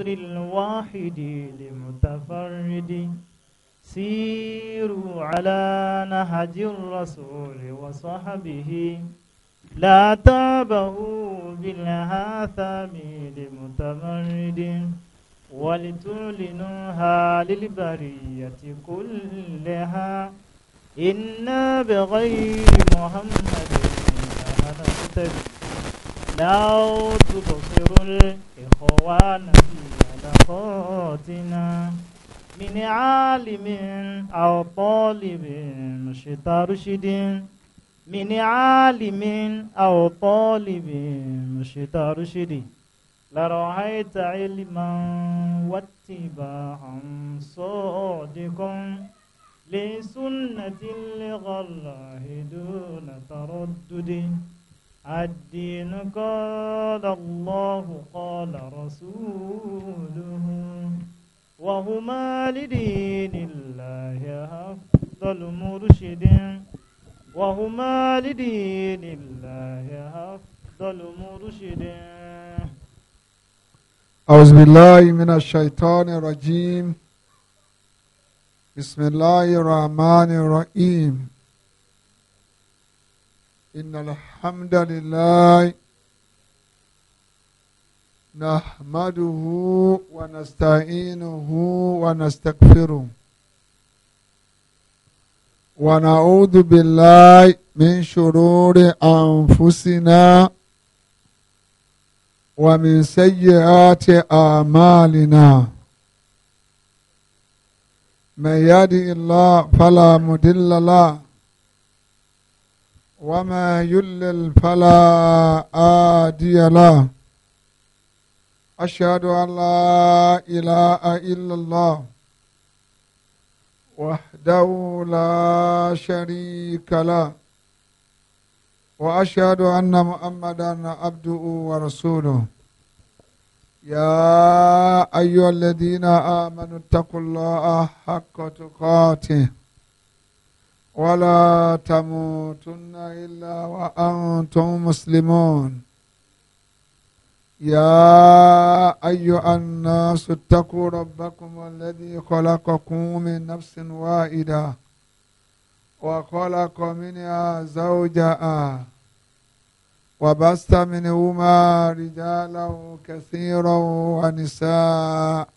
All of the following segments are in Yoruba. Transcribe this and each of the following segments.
النصر الواحد لمتفرد سيروا على نهج الرسول وصحبه لا تابه بالهاثم لمتمرد ولتعلنوها للبرية كلها إنا بغير محمد لا تبصر الإخوان في نفقاتنا من عالم أو طالب مسترشد من عالم أو طالب مسترشد لرأيت علما واتباعا صادقا لسنة الله دون تردد الدين قال الله قال رسوله وهما لدين الله أفضل مرشد وهما لدين الله أفضل مرشد أعوذ بالله من الشيطان الرجيم بسم الله الرحمن الرحيم إن الحمد الحمد لله نحمده ونستعينه ونستغفره ونعوذ بالله من شرور أنفسنا ومن سيئات أعمالنا من يهده الله فلا مضل له وما يلل فلا آدي له أشهد أن لا إله إلا الله وحده لا شريك له وأشهد أن محمدا عبده ورسوله يا أيها الذين آمنوا اتقوا الله حق تقاته ولا تموتن إلا وأنتم مسلمون يا أيها الناس اتقوا ربكم الذي خلقكم من نفس واحدة وخلق منها زوجها وبست منهما رجالا كثيرا ونساء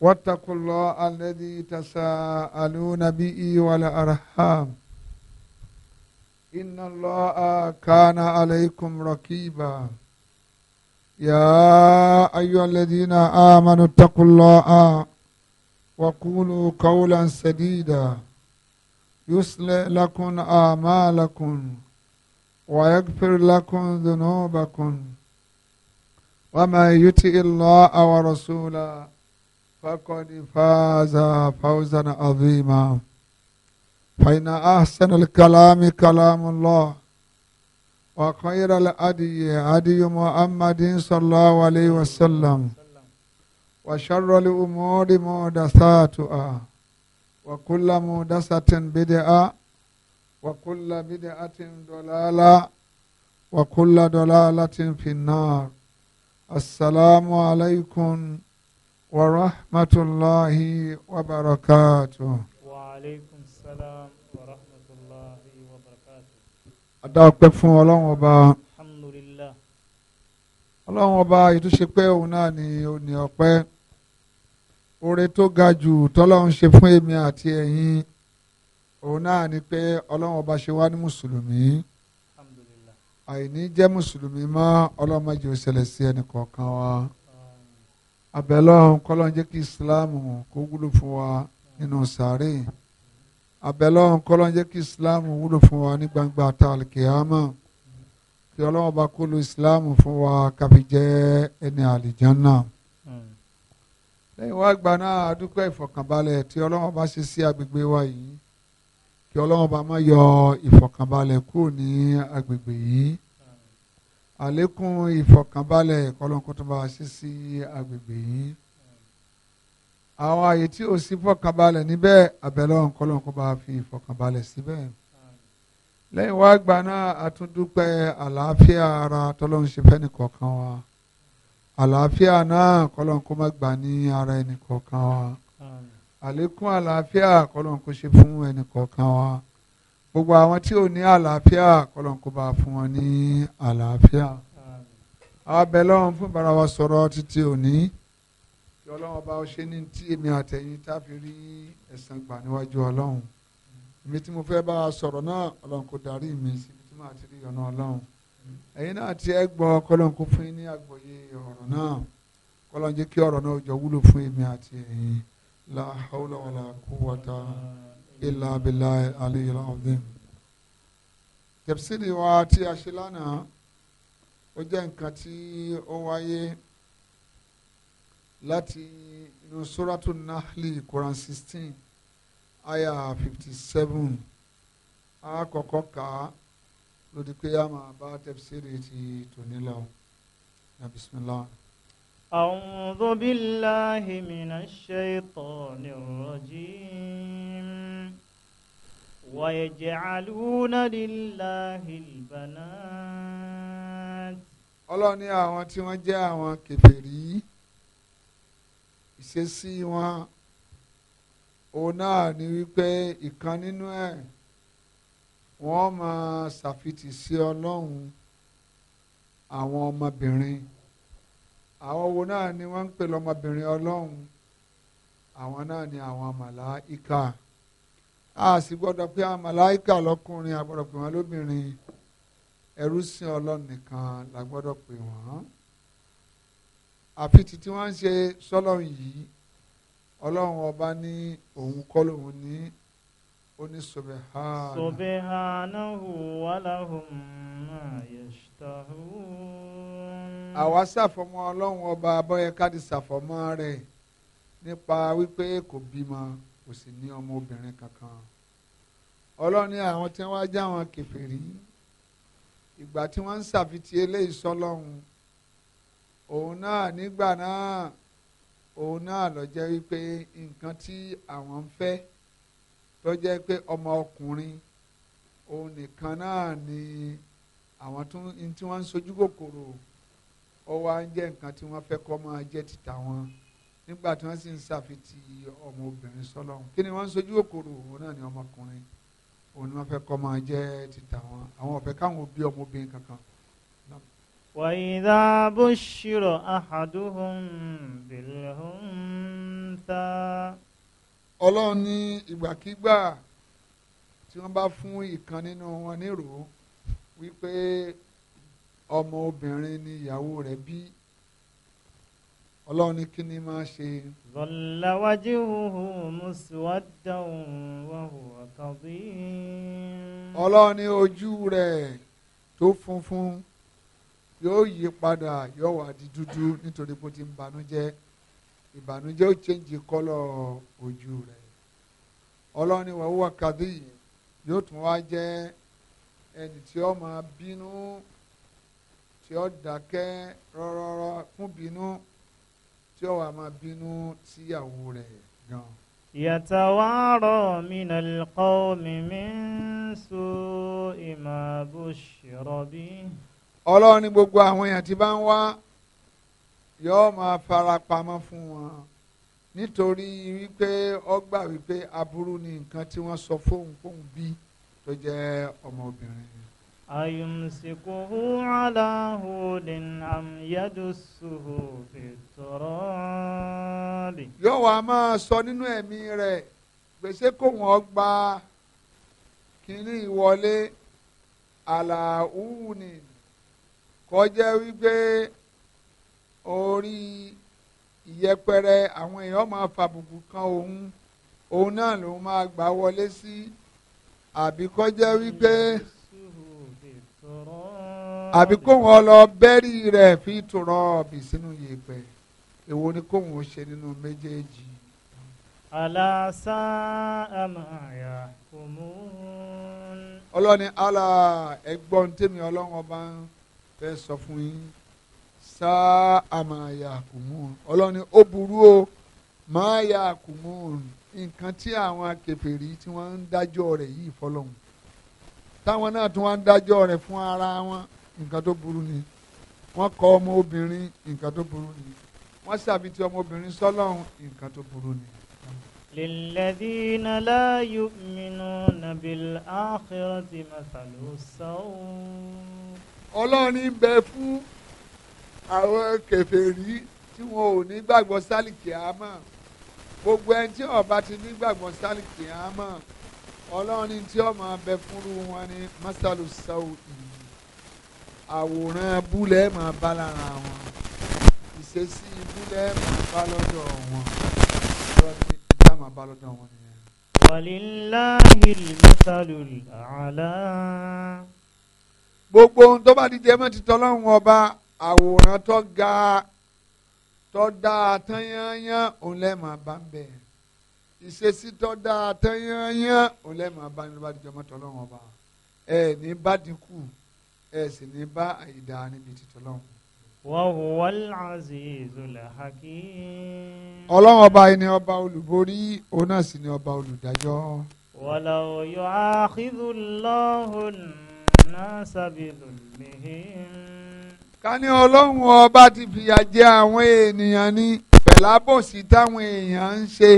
واتقوا الله الذي تساءلون به والأرحام إن الله كان عليكم رقيبا يا أيها الذين آمنوا اتقوا الله وقولوا قولا سديدا يصلح لكم اعمالكم ويغفر لكم ذنوبكم وما يطع الله ورسوله فقد فاز فوزا عظيما فإن أحسن الكلام كلام الله وخير الأدي أدي محمد صلى الله عليه وسلم وشر الأمور مودساتها وكل مودسة بدعة وكل بدعة ضلالة وكل ضلالة في النار السلام عليكم ورحمة الله وبركاته وعليكم السلام ورحمة الله وبركاته أدعوك فún ọlọ́run ọba alhamdulillah ọlọ́run ọba ìtúnṣe pé òun náà ni òní ọpẹ́ oore tó ga jù tọ́lọ́run ṣe fún èmi àti ẹ̀yin òun náà ni pé ọlọ́run ọba ṣe wá ní mùsùlùmí alhamdulillah àìní jẹ́ mùsùlùmí mọ́ ọlọ́run má jẹ́ ó ṣẹlẹ̀ sí ẹnì kọ̀ọ̀kan wa abẹ́lọ́hún kọ́lọ́n jẹ́ kí islam kó wúlò fún wa nínú sàárè abẹ́lọ́hún kọ́lọ́n jẹ́ kí islam wúlò fún wa ní gbangba tàlkìámà kí ọlọ́wọ́n bá kó lo islam fún wa káfi jẹ́ ẹni àlìjánná lẹ́yìn wá gba náà adúpẹ́ ìfọ̀kànbalẹ̀ tí ọlọ́wọ́n bá ṣe sí agbègbè wa yìí kí ọlọ́wọ́n bá má yọ ìfọ̀kànbalẹ̀ kúrò ní agbègbè yìí àlékún ìfọ̀kànbalẹ̀ kọlọ́nkọ́tọ́ba sí sí agbègbè yìí àwọn àyè tí ò sí fọ̀kànbalẹ̀ níbẹ̀ abẹ́lẹ́ kọlọ́nkọ́ba fi ìfọ̀kànbalẹ̀ síbẹ̀ lẹ́yìn wá gbà náà àtúndúpẹ́ àlàáfíà ara tọ́lọ́run ṣe fẹ́ nìkọ̀ọ̀kan wa àlàáfíà náà kọlọ́nkọ́ má gbà ní ara ẹnìkọ̀ọ̀kan wa àlékún àlàáfíà kọlọ́nkọ́ ṣe fún ẹnìkọ̀ọ̀kan wa. Amen gbogbo àwọn tí ò ní àlàáfíà kọlọ́nkọba fún wọn ní àlàáfíà àwọn abẹ lọ́wọ́n fún ìbára wa sọ̀rọ̀ títí òní kí ọlọ́wọ́n bá ṣe ní tí èmi àtẹ̀yìn tá a fi rí ẹ̀san gbà níwájú ọlọ́run èmi tí mo fẹ́ bá wa sọ̀rọ̀ náà ọlọ́run kò darí mi síbi tí màá ti rí ọ̀nà ọlọ́run ẹ̀yin náà ti ẹ́ gbọ́ kọlọ́run kó fún yín ní àgbọ́yé ọ̀rọ̀ náà kọlọ́run jẹ́ kí ọ̀rọ̀ náà jọ wúlò fún èmi àti ẹ̀yin la hawla wala illa billahi aliyil azim tẹ̀síìlì wa tí a ṣe lánàá ó jẹ́ nǹkan tí ó wáyé láti inú suratu nahli quran sixteen aya fifty seven a kọ́kọ́ kà á lórí pé a máa bá tẹ̀síìlì ti tòní lọ bismillah. أعوذ بالله من الشيطان الرجيم wàyẹ̀jẹ̀alúnà lílàhìlbànát. ọlọ́run ní àwọn tí wọ́n jẹ́ àwọn kèfèrí ìṣesí wọn òun náà ni wípé ìkan nínú ẹ̀ wọ́n máa ṣàfitì sí ọlọ́run àwọn ọmọbìnrin àwọn wo náà ni wọ́n ń pè lọ́mọbìnrin ọlọ́run àwọn náà ni àwọn màláíkà a sì gbọ́dọ̀ pé àwọn màláìkà lọ́kùnrin a gbọ́dọ̀ pè wọ́n lóbìnrin ẹrú sìn Ọlọ́run nìkan la gbọ́dọ̀ pè wọ́n àfi títí wọ́n ń ṣe sọ́lọ́run yìí Ọlọ́run ọba ní òun kọ́ lòun ní oní subhana. subhanahu wa lahum ma yashtahun. àwa ṣàfọmọ Ọlọ́run ọba abọ́yẹ káàdì ṣàfọmọ rẹ̀ nípa wípé kò bímọ kò sì ní ọmọbìnrin kankan ọlọ́ni àwọn tí wọ́n já wọn kèfèrí ìgbà tí wọ́n ń ṣàfitì eléyìí sọ́lọ́hún òun náà nígbà náà òun náà lọ jẹ́ wípé nǹkan tí àwọn ń fẹ́ tó jẹ́ pé ọmọ ọkùnrin òun nìkan náà ni àwọn tí wọ́n ń sojú kòkòrò ó wá ń jẹ́ nǹkan tí wọ́n fẹ́ kọ́ máa jẹ́ títà wọn nígbà tí wọ́n sì ń ṣàfitì ọmọbìnrin sọ́lọ́run kí ni wọ́n ń sojú òkòrò òun náà ni ọmọkùnrin òun ni wọ́n fẹ́ kọ́ máa jẹ́ títà wọn àwọn ọ̀fẹ́ káwọn òbí ọmọbìnrin kankan. وإذا بشر أحدهم بالأنثى ọlọ́run ní ìgbàkigbà tí wọ́n bá fún ìkan nínú wọn nírò wípé ọmọ obìnrin ni ìyàwó rẹ̀ bí ọlọ́run ní kí ni máa ṣe. zalla wajhuhu muswaddan wa huwa kadhim. ọlọ́run ní ojú rẹ̀ tó funfun yóò yí padà yóò wá di dúdú nítorí bó ti ń banújẹ́ ìbànújẹ́ ó change kọ́lọ̀ ojú rẹ̀ ọlọ́run ní wa huwa kadhim yóò tún wá jẹ́ ẹni tí ó máa bínú tí ó dákẹ́ rọ́rọ́rọ́ fún bínú tí ó wà máa bínú síyàwó rẹ̀ gan. يتوارى من القوم من سوء ما بشر به ọlọ́run ní gbogbo àwọn èèyàn tí bá ń wá yóò máa fara pamọ́ fún wọn nítorí wípé ó gbà wípé aburú ni nǹkan tí wọ́n sọ fóun fóun bí tó jẹ́ ọmọbìnrin. أيمسكه على هود أم يدسه في التراب. yóò sọ nínú ẹ̀mí rẹ̀ gbèsè kò wọ́n gba kínní ìwọlé wípé orí ìyẹpẹrẹ àwọn èèyàn máa fàbùkù kan òun òun náà ló máa gbà wọlé sí wípé. àbí kóun ọlọ bẹ́rì rẹ̀ fi tòrọ ọ̀bì sínú yèèpẹ̀ èwo ni kóun ó ṣe nínú méjèèjì. alasa amaya kumun. ọlọ́ni ala ẹgbọ́n tèmi ọlọ́run ọba fẹ́ sọ fún yín sa amaya kumun ọlọ́ni ó burú o máa ya kumun nǹkan tí àwọn akèfèrí tí wọ́n ń dájọ́ rẹ̀ yìí fọlọ́hún táwọn náà tún wá ń dájọ́ rẹ̀ fún ara wọn nǹkan tó burú ni wọ́n kọ ọmọ obìnrin nǹkan tó burú ni wọ́n ṣàbí ọmọ obìnrin sọ́lọ́run nǹkan tó burú ni. للذين لا يؤمنون بالآخرة مثل السوء Ọlọ́run ní bẹ fún àwọn kèfèrí tí wọn ò ní gbàgbọ́ sálìkì àmọ́ gbogbo ẹni tí ó bá ti ní gbàgbọ́ sálìkì àmọ́ Ọlọ́run tí ó máa bẹ fúnrú wọn ní masalu saudi àwòrán búlẹ̀ máa bá lára wọn ìṣesí búlẹ̀ máa bá lọ́dọ̀ wọn lọ́dún ìjà máa bá lọ́dọ̀ wọn nìyẹn. wàlíláhi masalul àlá. gbogbo ohun tó bá di jẹ́ mọ́ tọ́lọ́run ọba àwòrán tó ga tó dáa tán yányán òun lẹ́ máa bá ń bẹ̀ ìṣesí tó dáa tán yányán òun lẹ́ máa bá ń bá di jẹ́ mọ́ tọ́lọ́run ọba ẹ̀ ní bá dínkù ẹ sì ní bá àyídá níbi títọ́ lọ́hùn. wa huwal azizul hakim. ọlọ́run ọba yìí ni ọba olùborí òun náà sì ni ọba olùdájọ́. walaw yu'akhidhullahu an-nasa bi-dhulmihim. ká ní ọlọ́run ọba ti fìyà jẹ àwọn ènìyàn ní pẹ̀lábòsí táwọn èèyàn ń ṣe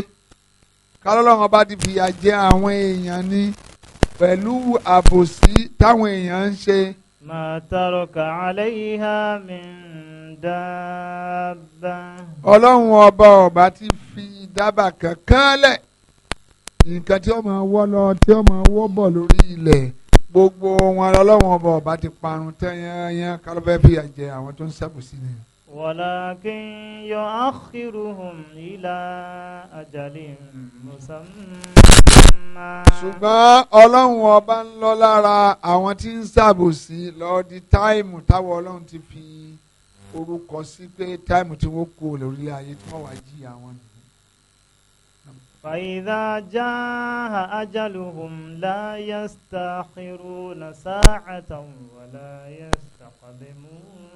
kálọ́lọ́run ọba ti fìyà jẹ àwọn èèyàn ní pẹ̀lú àbòsí táwọn èèyàn ń ṣe ما ترك عليها من دابة ọlọ́run ọba ọba ti fi dábàá kankan lẹ̀ nǹkan tí ó máa wọ́ lọ tí ó máa wọ́ gbogbo wọn ọlọ́run ọba ọba ti parun tẹ́yẹ́yẹ́ kálọ́fẹ́ fìyà jẹ àwọn tó ń ṣẹ́kù sí ni. ولكن يؤخرهم إلى أجل مسمى. ṣùgbọ́n ọlọ́run ọba ń lọ lára àwọn tí ń ṣàbòsí lọ́ọ́ di táìmù táwọn ọlọ́run ti fi orúkọ sí pé táìmù tí wọ́n kú lórí ayé tí wọ́n wá jí àwọn nìyí. فإذا جاء أجلهم لا يستأخرون ساعة ولا يستقدمون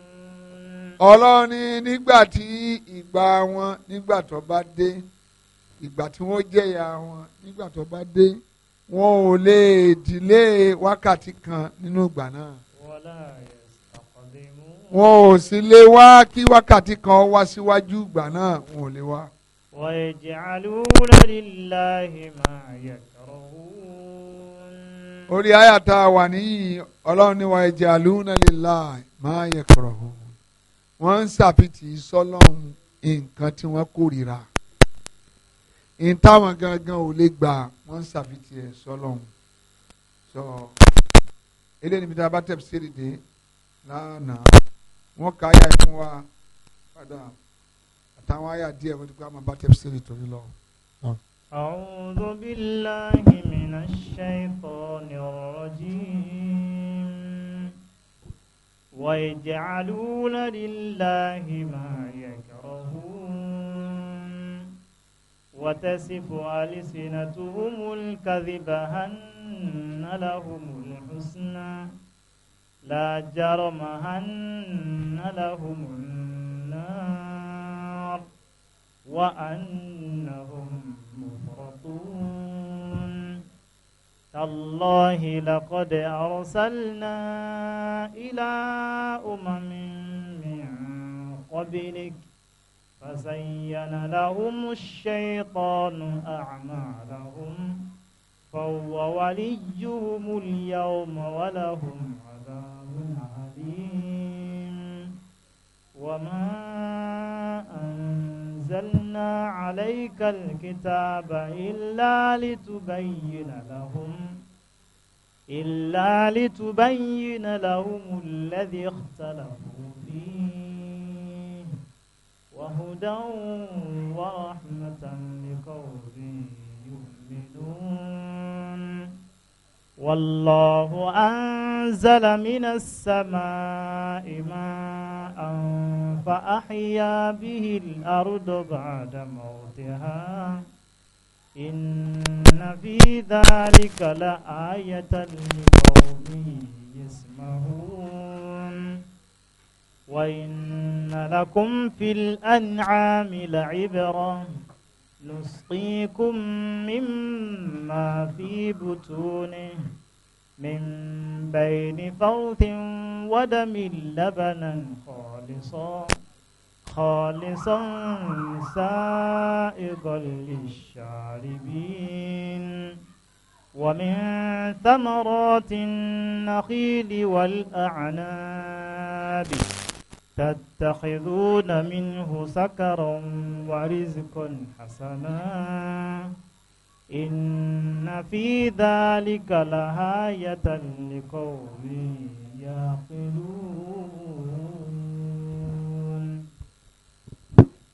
ọlọ́run ní nígbà tí ìgbà wọn nígbà tó bá dé ìgbà tí wọ́n jẹ̀yà wọn nígbà tó bá dé wọn ò lè dìlé wákàtí kan nínú ìgbà náà wọn ò sì lè wá kí wákàtí kan wá síwájú ìgbà náà wọn ò lè wá. ويجعلون لله ما يكرهون orí àyàtà wà níyì ọlọ́run ni wàá jẹ́ àlùúnà lè láì máa yẹ kọ̀rọ̀ hù wọ́n ń ṣàfitì sọ́lọ́run nǹkan tí wọ́n kórìíra n táwọn gangan ò lè gbà wọ́n ń ṣàfitì ẹ̀ sọ́lọ́run sọ eléyìí níbi tí a bá tẹ̀ sí èdè lánàá wọ́n ka ayà fún wa padà àtàwọn ayà díẹ̀ wọ́n ti kọ́ àwọn bá tẹ̀ sí èdè torí lọ. أعوذ بالله من الشيطان الرجيم ويجعلون لله ما يكرهون وتسف ألسنتهم الكذب أن لهم الحسنى لا جرم أن لهم النار وأنهم تالله لقد أرسلنا إلى أمم من قبلك فزين لهم الشيطان أعمالهم فهو وليهم اليوم ولهم عذاب عليم وما أن أنزلنا عليك الكتاب إلا لتبين لهم إلا لتبين لهم الذي اختلفوا فيه وهدى ورحمة لقوم يؤمنون والله أنزل من السماء ماء فأحيا به الأرض بعد موتها إن في ذلك لآية لقوم يسمعون وإن لكم في الأنعام لعبرة نسقيكم مما في بطونه من بين فرث ودم لبنا خالصا خالصا سائغا للشاربين ومن ثمرات النخيل والأعناب تتخذون منه سكرا ورزقا حسنا إن في ذلك لآية لقوم يعقلون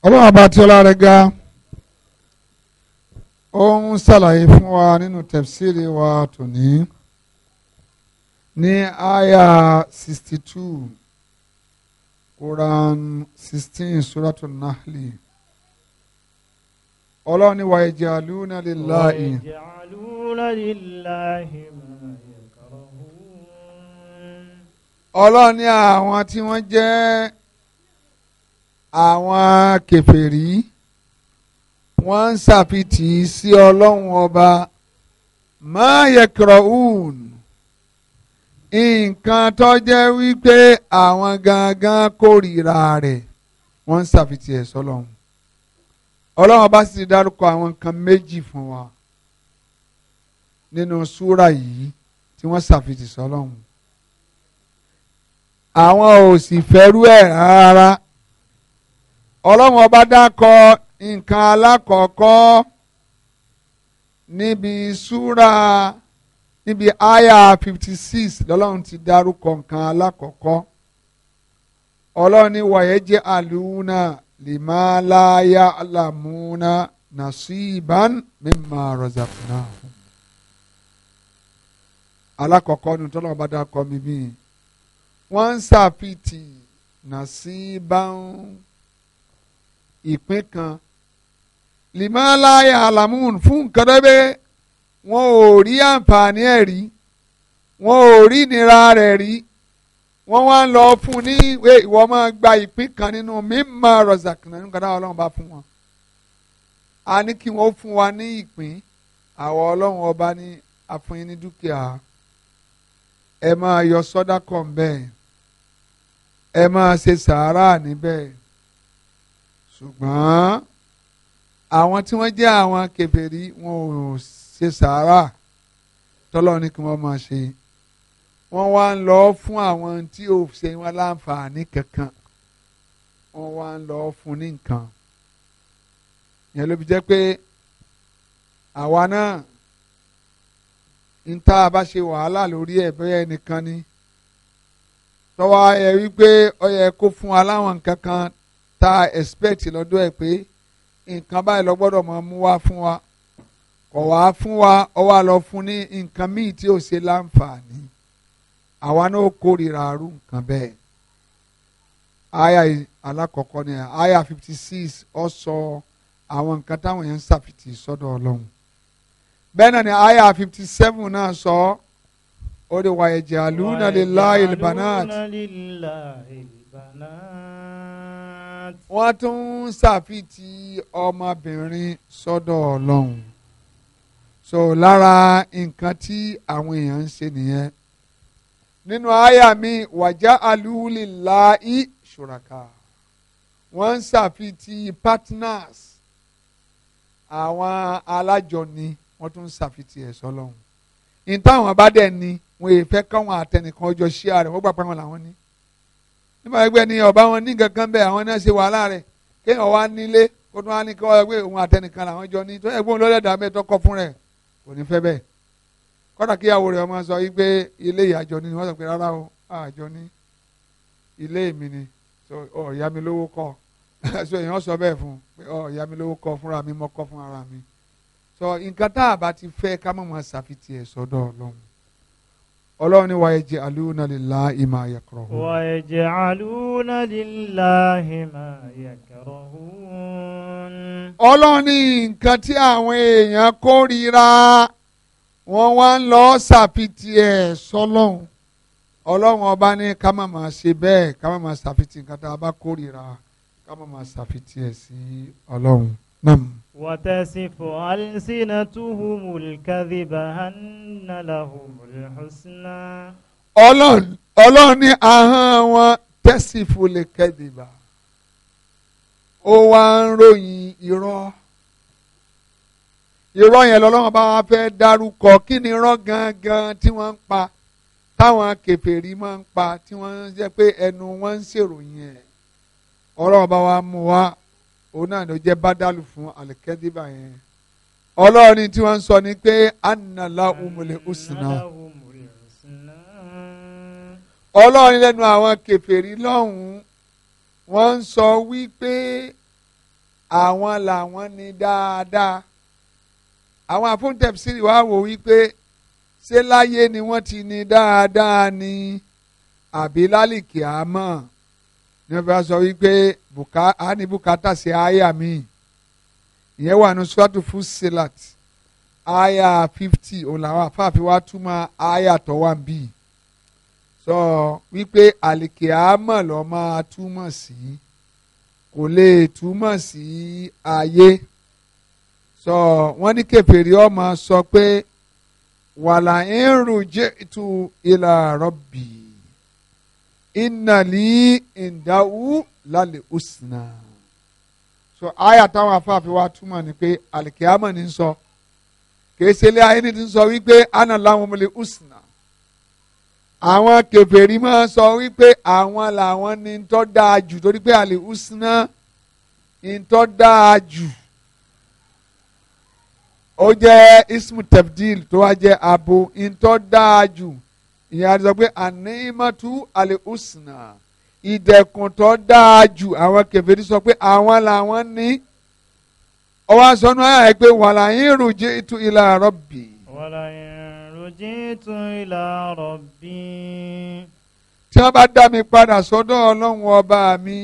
ọlọ́run ọba tí ọlá rẹ̀ ga ó ń ṣàlàyé fún wa nínú tẹ̀síìrì wa tòní ní àyà sixty two. Quran sixteen suratul nahli ọlọ́run ni wàá jẹ́ àlùna lillahi. wàá jẹ́ àlùna lillahi ọlọ́run ni àwọn tí wọ́n jẹ́ àwọn kèfèrí wọ́n ń ṣàfitì sí ọlọ́run ọba ma yakraun nǹkan tó jẹ́ wípé àwọn gangan kórìíra rẹ̀ wọ́n ń ṣàfitì ẹ̀ sọ́lọ́run ọlọ́run bá sì dárúkọ àwọn nǹkan méjì fún wa nínú súrà yìí tí wọ́n ṣàfitì sọ́lọ́run àwọn ò sì fẹ́rú ẹ̀ rárá ọlọ́run ọba dákọ nǹkan alákọ̀ọ́kọ́ níbi súrà níbi aya fifty six lọ́lọ́run ti dárúkọ nǹkan alákọ̀ọ́kọ́ ọlọ́run ní wàyẹ́ jẹ́ àlùúnà lìmáláyà àlàmúnà nasiban mimma razaqnahu. alákọ̀ọ́kọ́ ni tọ́lọ́run bá dákọ́ mi bíi wọ́n ń ṣàfitì nasiban ìpín kan lìmáláyà àlàmúnà fún nǹkan dẹ́gbẹ́ wọn ò rí àǹfààní ẹ̀ rí wọn ò rí ìnira rẹ̀ rí wọ́n wá ń lọ fún un ní ìwọ máa gba ìpín kan nínú mímọ rọ̀zàkì nínú kan náà ọlọ́run bá fún wọn. a ní kí wọ́n fún wa ní ìpín àwọn ọlọ́run ọba ní àfúnyín ní dúkìá ẹ máa yọ sọ́dá kan bẹ́ẹ̀ ẹ máa ṣe sàárà níbẹ̀ ṣùgbọ́n àwọn tí wọ́n jẹ́ àwọn kèfèrí wọn ò sí ṣe sàárà tọ́lọ́ ní kí wọ́n máa ṣe wọ́n wá ń lọ fún àwọn tí ò ṣe wọn láǹfààní kankan wọ́n wá ń lọ fún ní nǹkan yẹn ló fi jẹ́ pé àwa náà ń tá a bá ṣe wàhálà lórí ẹ̀ bẹ́ẹ̀ nìkan ni tọ́wọ́ ẹ wípé ọ yẹ kó fún wa láwọn nǹkan kan tá a expect lọ́dọ̀ ẹ̀ pé nǹkan báyìí lọ gbọ́dọ̀ máa mú wá Fún wa kọ̀ wá fún wa ọ wá lọ fún ní nǹkan míì tí ó ṣe láǹfààní àwa náà kórìíra arú nǹkan bẹ́ẹ̀ aya alákọ̀ọ́kọ́ ni aya fifty six ọ sọ àwọn nǹkan táwọn yẹn ń ṣàfitì sọ́dọ̀ ọlọ́run bẹ́ẹ̀ náà ni aya fifty seven náà sọ ó lè wà ẹ̀jẹ̀ àlùna lillahi albanat wọ́n tún ń ṣàfitì ọmọbìnrin sọ́dọ̀ ọlọ́run so lára nǹkan tí àwọn èèyàn ń ṣe nìyẹn nínú àyà mi wàjá alúlì láì ṣùràkà wọ́n ń ṣàfitì partners àwọn alájọni wọ́n tún ń ṣàfitì ẹ̀ sọ́lọ́hún ìtàwọn bá dẹ̀ ni wọn èèfẹ́ káwọn àtẹnìkan ọjọ́ ṣí ààrẹ wọ́n gbà pé wọn làwọn ní nígbà gbẹ ni ọba wọn ní kankan bẹ́ẹ̀ àwọn náà ṣe wàhálà rẹ̀ kéèyàn wá nílé kó tún wá ní kí wọ́n òun àtẹnìkan làwọn jọ ní tó ẹ̀gbọ́n lọ́lẹ́dàá mẹ́tọ́kọ fún rẹ̀ kò ní fẹ́ bẹ́ẹ̀ kọ́dà kíyàwó rẹ̀ ọmọ sọ wípé ilé ìyàjọ ni wọ́n sọ pé rárá o àjọ ní ilé mi ni ọ̀ọ́yá mi lówó kọ́ so èèyàn sọ bẹ́ẹ̀ fún un ọ̀ọ́yá mi lówó kọ́ fúnra mi mọ́ kọ́ fún ara mi so nǹkan tá a bá ti fẹ́ ká mọ̀ mọ́ ṣàfitì ẹ̀ sọ́dọ̀ ọlọ́run ọlọ́run ni wàá jẹ alúna lílá ìmọ̀ àyàkọ̀rọ̀. wàá jẹ alúna lílá ìmọ̀ àyàkọ̀rọ̀. ọlọ́run ní nǹkan tí àwọn èèyàn kórìíra wọ́n wá ń lọ ṣàfitì ẹ̀ sọ́lọ́hún ọlọ́run ọba ní ká má máa ṣe bẹ́ẹ̀ ká má máa ṣàfitì nǹkan tá a bá kórìíra ká má máa ṣàfitì ẹ̀ sí ọlọ́run náà. وتسف ألسنتهم الكذب أن لهم الحسنى ọlọ́run ọlọ́run ní ahọ́n wọn tẹ́sífù lè kẹ́dìbà ó wá ń ròyìn irọ́ irọ́ yẹn lọ́lọ́run bá wọn fẹ́ dárúkọ kí ni irọ́ gangan tí wọ́n ń pa táwọn kèfèrí máa ń pa tí wọ́n ń jẹ́ pé ẹnu wọn ń ṣèròyìn ẹ̀ ọlọ́run bá wa mú wa òun náà ló jẹ́ bádàlù fún alikẹ́díbà yẹn ọlọ́run ni tí wọ́n ń sọ ni pé anala umule usna ọlọ́run lẹ́nu àwọn kèfèrí lọ́hùn-ún wọ́n ń sọ wípé àwọn làwọn ni dáadáa àwọn àfúntẹ̀síri wá wò wípé ṣé láyé ni wọ́n ti ní dáadáa ni àbí lálìkì àmọ́ ní wọ́n fi sọ wípé buka a ní bùkátà sí aya mi ìyẹn wà ní suwatu Fussilat aya fifty òun làwọn wa túmọ̀ aya tó wà ń bì sọ wípé àlìkèámọ̀ lọ́ máa túmọ̀ sí kò lè túmọ̀ sí ayé sọ wọ́n ní kèfèrí ọmọ sọ pé wàlà ń rùjẹ́ tu ìlà rọ́bì ìnàlí ìdáwù lálẹ́ òsínà. so àyà táwọn afáàfin wa túmọ̀ ni pé àlìkíyàmọ̀ ní sọ kìí ṣe ilé ayé ní ti sọ wípé àná làwọn ọmọlẹ̀ òsínà. àwọn kèfèrí máa sọ wípé àwọn làwọn ní tọ́ dáa jù torí pé àlẹ́ òsínà ní tọ́ dáa jù ó jẹ́ ismu tabdil tó wá jẹ́ abo ní tọ́ dáa jù ìyẹn a ti sọ pé ànímọ́tú àlè òsìnà ìdẹ̀kùn tó dáa jù àwọn kèfèrí sọ pé àwọn làwọn ní ọwọ́ àsọnù ayà ẹ̀ wàlà yín rùjì tu ìlà rọ̀bì. wàlà yín rùjì tu ìlà rọ̀bì. tí wọ́n bá dá mi padà sọ́dọ̀ ọlọ́run ọba mi.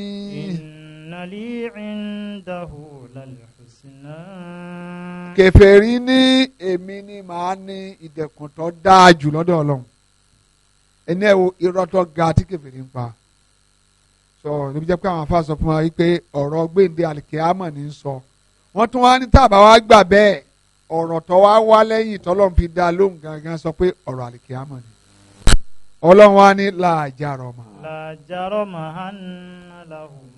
ìnàlí ìndàhù lálẹ́ òsínà. kèfèrí ní èmi ni màá ní ìdẹ̀kùn dáa jù lọ́dọ̀ ọlọ́run ẹni wo irọ́ tó ga tí kèfèrí ń pa sọ níbi jẹ́ pé àwọn afa sọ fún wa pé ọ̀rọ̀ gbéǹde àlìkèámọ̀ ní í sọ wọ́n tún wá ní tàbá wa gbà bẹ́ẹ̀ ọ̀rọ̀ tó wá wá lẹ́yìn tọ́lọ́run fi dá lóhùn gangan sọ pé ọ̀rọ̀ àlìkèámọ̀ ni ọlọ́run wa ní làjàrọ̀ mà. làjàrọ̀ mà á ń làwùn.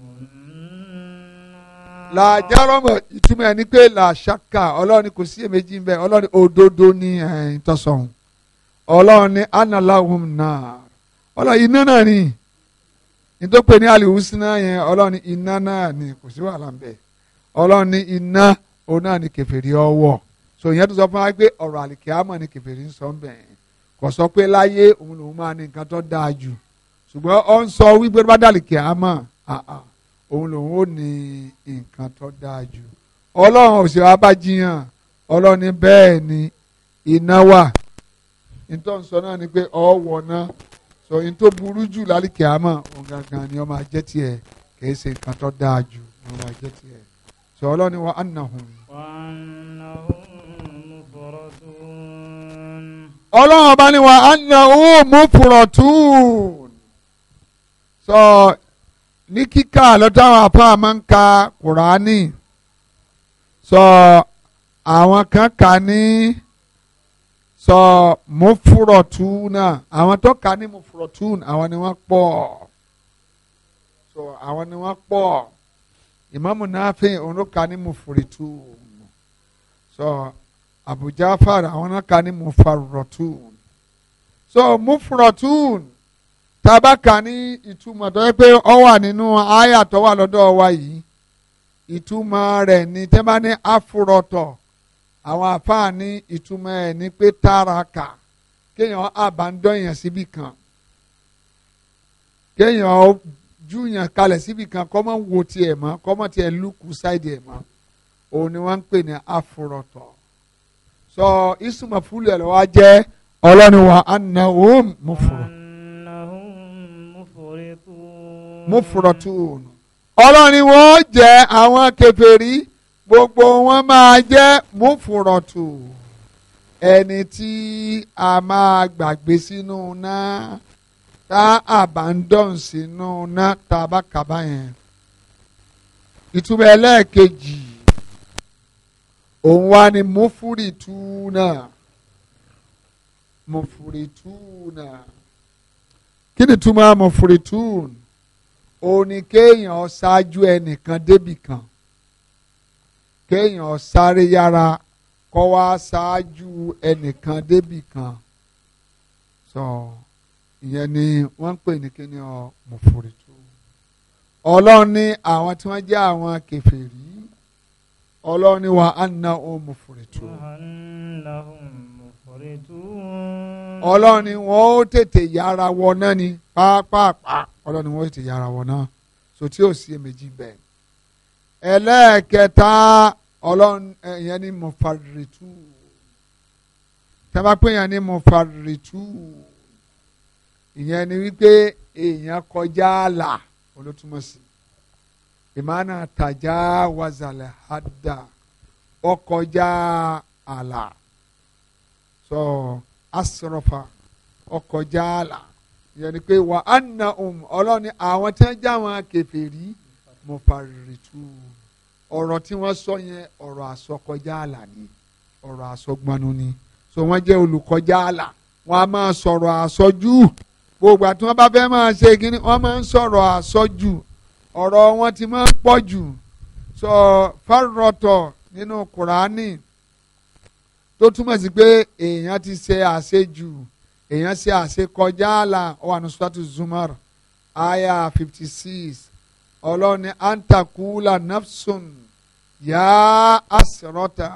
làjàrọ̀ ìtumọ̀ ẹ̀ ni pé làṣàkà ọlọ́run kò sí èméjì ń bẹ ọlọ́run òdodo ní ẹ̀ ń tọ́sọ̀hún ọlọ́run ní analahum náà ọlọ́run iná náà ni nítòpé ní alihusina yẹn ọlọ́run ní iná náà ni kò sí wàhálà ńbẹ ọlọ́run ní iná òun náà ni kẹfẹ́rí ọwọ́ so ìyẹn tó sọ fún wa pé ọ̀rọ̀ àlìkíámọ̀ ni ń sọ kò sọ pé láyé òun lòun máa ní nǹkan tó dáa jù ṣùgbọ́n ọ ń sọ wípé bá òun lòun ní nǹkan tó dáa jù ọlọ́run nítorí sọ náà ni pé ọ̀wọ̀ náà sọ yìí tó burú jù lálìkè àmọ́ òun ni ọmọ ajẹ́ tiẹ̀ kìí ṣe nǹkan tó dáa jù ọmọ ajẹ́ tiẹ̀ sọ ọlọ́ni wa ọlọ́run ọba ni wa annahum mufratun sọ ní kíkà lọ́dọ̀ àwọn àpá máa ń ka Kùránì sọ àwọn kan kà ní. sọ mufurotuna àwọn tó kà ní mufurotun àwọn ni wọ́n pọ̀ sọ àwọn ni wọ́n pọ̀ ìmáàmù Nafi òun ló ní mufuritu sọ Abu Jafar àwọn náà kà ní mufarotun sọ mufurotun tábà kà ní ìtumọ̀ tó yẹ pé ọ wà nínú àyà tó wà lọ́dọ̀ wa yìí ìtumọ̀ rẹ̀ ní tẹ́ bá ní afurọ̀tọ̀ àwọn àfáà ní ìtumọ̀ ẹ̀ ní pé tààràkà kéèyàn àbádọ́ èèyàn síbì kan kéèyàn júyàn kalẹ̀ síbì kan kọ́mọ wo tiẹ̀ mọ́ kọ́mọ tiẹ̀ lùkù sáìdì ẹ̀ mọ́ òun ni wọ́n ń pè ní afurọ̀tọ̀ sọ ìsúnmọ̀ fúlù ẹ̀ lọ́wọ́ jẹ́ ọlọ́ni wa anahum mufurọ̀ mufurọ̀ tuun ọlọ́ni wọ́n jẹ́ àwọn kèfèrí gbogbo wọn máa jẹ́ múfurọ̀tù ẹni tí a máa gbàgbé sínú náà tá abandon sínú náà tabakaba yẹn ìtumọ̀ ẹlẹ́ẹ̀kejì òun wá ní múfúrìtù náà múfúrìtù náà kí ni túmọ̀ múfúrìtù òun ni kéèyàn ṣáájú ẹnìkan débì kéèyàn sáré yára kọ́ wá ṣáájú ẹnìkan débì kan sọ ìyẹn ni wọ́n ń pè ní kíni ọ mọ̀fòrìtò ọlọ́run ní àwọn tí wọ́n jẹ́ àwọn kèfèrí ọlọ́run ní wa anna o mọ̀fòrìtò ọlọ́run ní wọ́n ó tètè yára wọ náà ni pápápá ọlọ́run ní wọ́n ó tètè yára wọ náà so tí ò sí èméjì bẹ́ẹ̀ ẹlẹ́ẹ̀kẹta ọlọ́run ẹ̀yẹn ni mufaritu tẹ́lá pé yẹn ni mufaritu ìyẹn ni wípé èèyàn kọjá àlà olótúmọ̀ sí ìmáàna tàjá wàzàlẹ̀ àdá ọkọjá àlà sọ asọrọfà ọkọjá àlà ìyẹn ni pé wà á nà òun ọlọ́ni àwọn tí wọ́n já wọn kèfèrí mufaritu ọ̀rọ̀ tí wọ́n sọ yẹn ọ̀rọ̀ àsọkọjá àlà ni ọ̀rọ̀ àsọgbọnú ni so wọ́n jẹ́ olùkọjá àlà wọ́n a máa sọ̀rọ̀ àsọjú gbogbo àti wọ́n bá fẹ́ máa ṣe kíní wọ́n máa ń sọ̀rọ̀ àsọjú ọ̀rọ̀ wọn ti máa ń pọ̀ jù sọ fárọ̀tọ̀ nínú kùránì tó túmọ̀ sí pé èèyàn ti ṣe àṣejù èèyàn ṣe àṣekọjá àlà ó wà zumar aya fifty six ọlọ́ni antakula nafsun ya asirọ́ta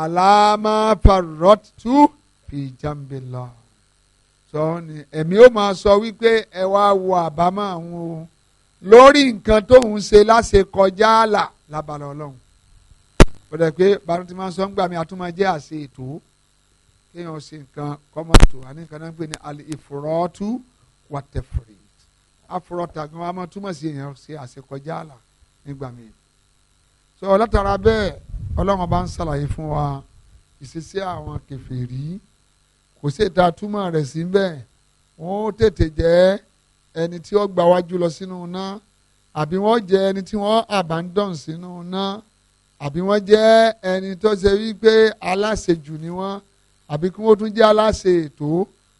alama farọ́tù fìjàmbìlá sọ ni ẹ̀mí ó máa sọ wípé ẹ wá wo àbámọ̀ àwọn o lórí nǹkan tóun ṣe láṣẹ kọjá àlà lábala ọlọ́run ó dẹ̀ pé bàtúntì máa ń sọ ń gbà mí àtúmọ̀ jẹ́ àṣẹ ètò kéèyàn ṣe nǹkan kọ́mọ̀tò àní náà ń pè ní alẹ́ wàtẹ̀fọ̀rì afurọ́ta gan wa máa túmọ̀ sí èèyàn ṣe àṣekọjá àlà nígbà míì so látara bẹ́ẹ̀ ọlọ́run bá ń ṣàlàyé fún wa ìṣesí àwọn kèfèrí kò sí ìta túmọ̀ rẹ̀ sí bẹ́ẹ̀ wọ́n ó tètè jẹ́ ẹni tí ó gbà wájú lọ sínú náà àbí wọ́n jẹ́ ẹni tí wọ́n abandon sínú náà àbí wọ́n jẹ́ ẹni tó ṣe wípé aláṣejù ni wọ́n àbí kí wọ́n tún jẹ́ aláṣe ètò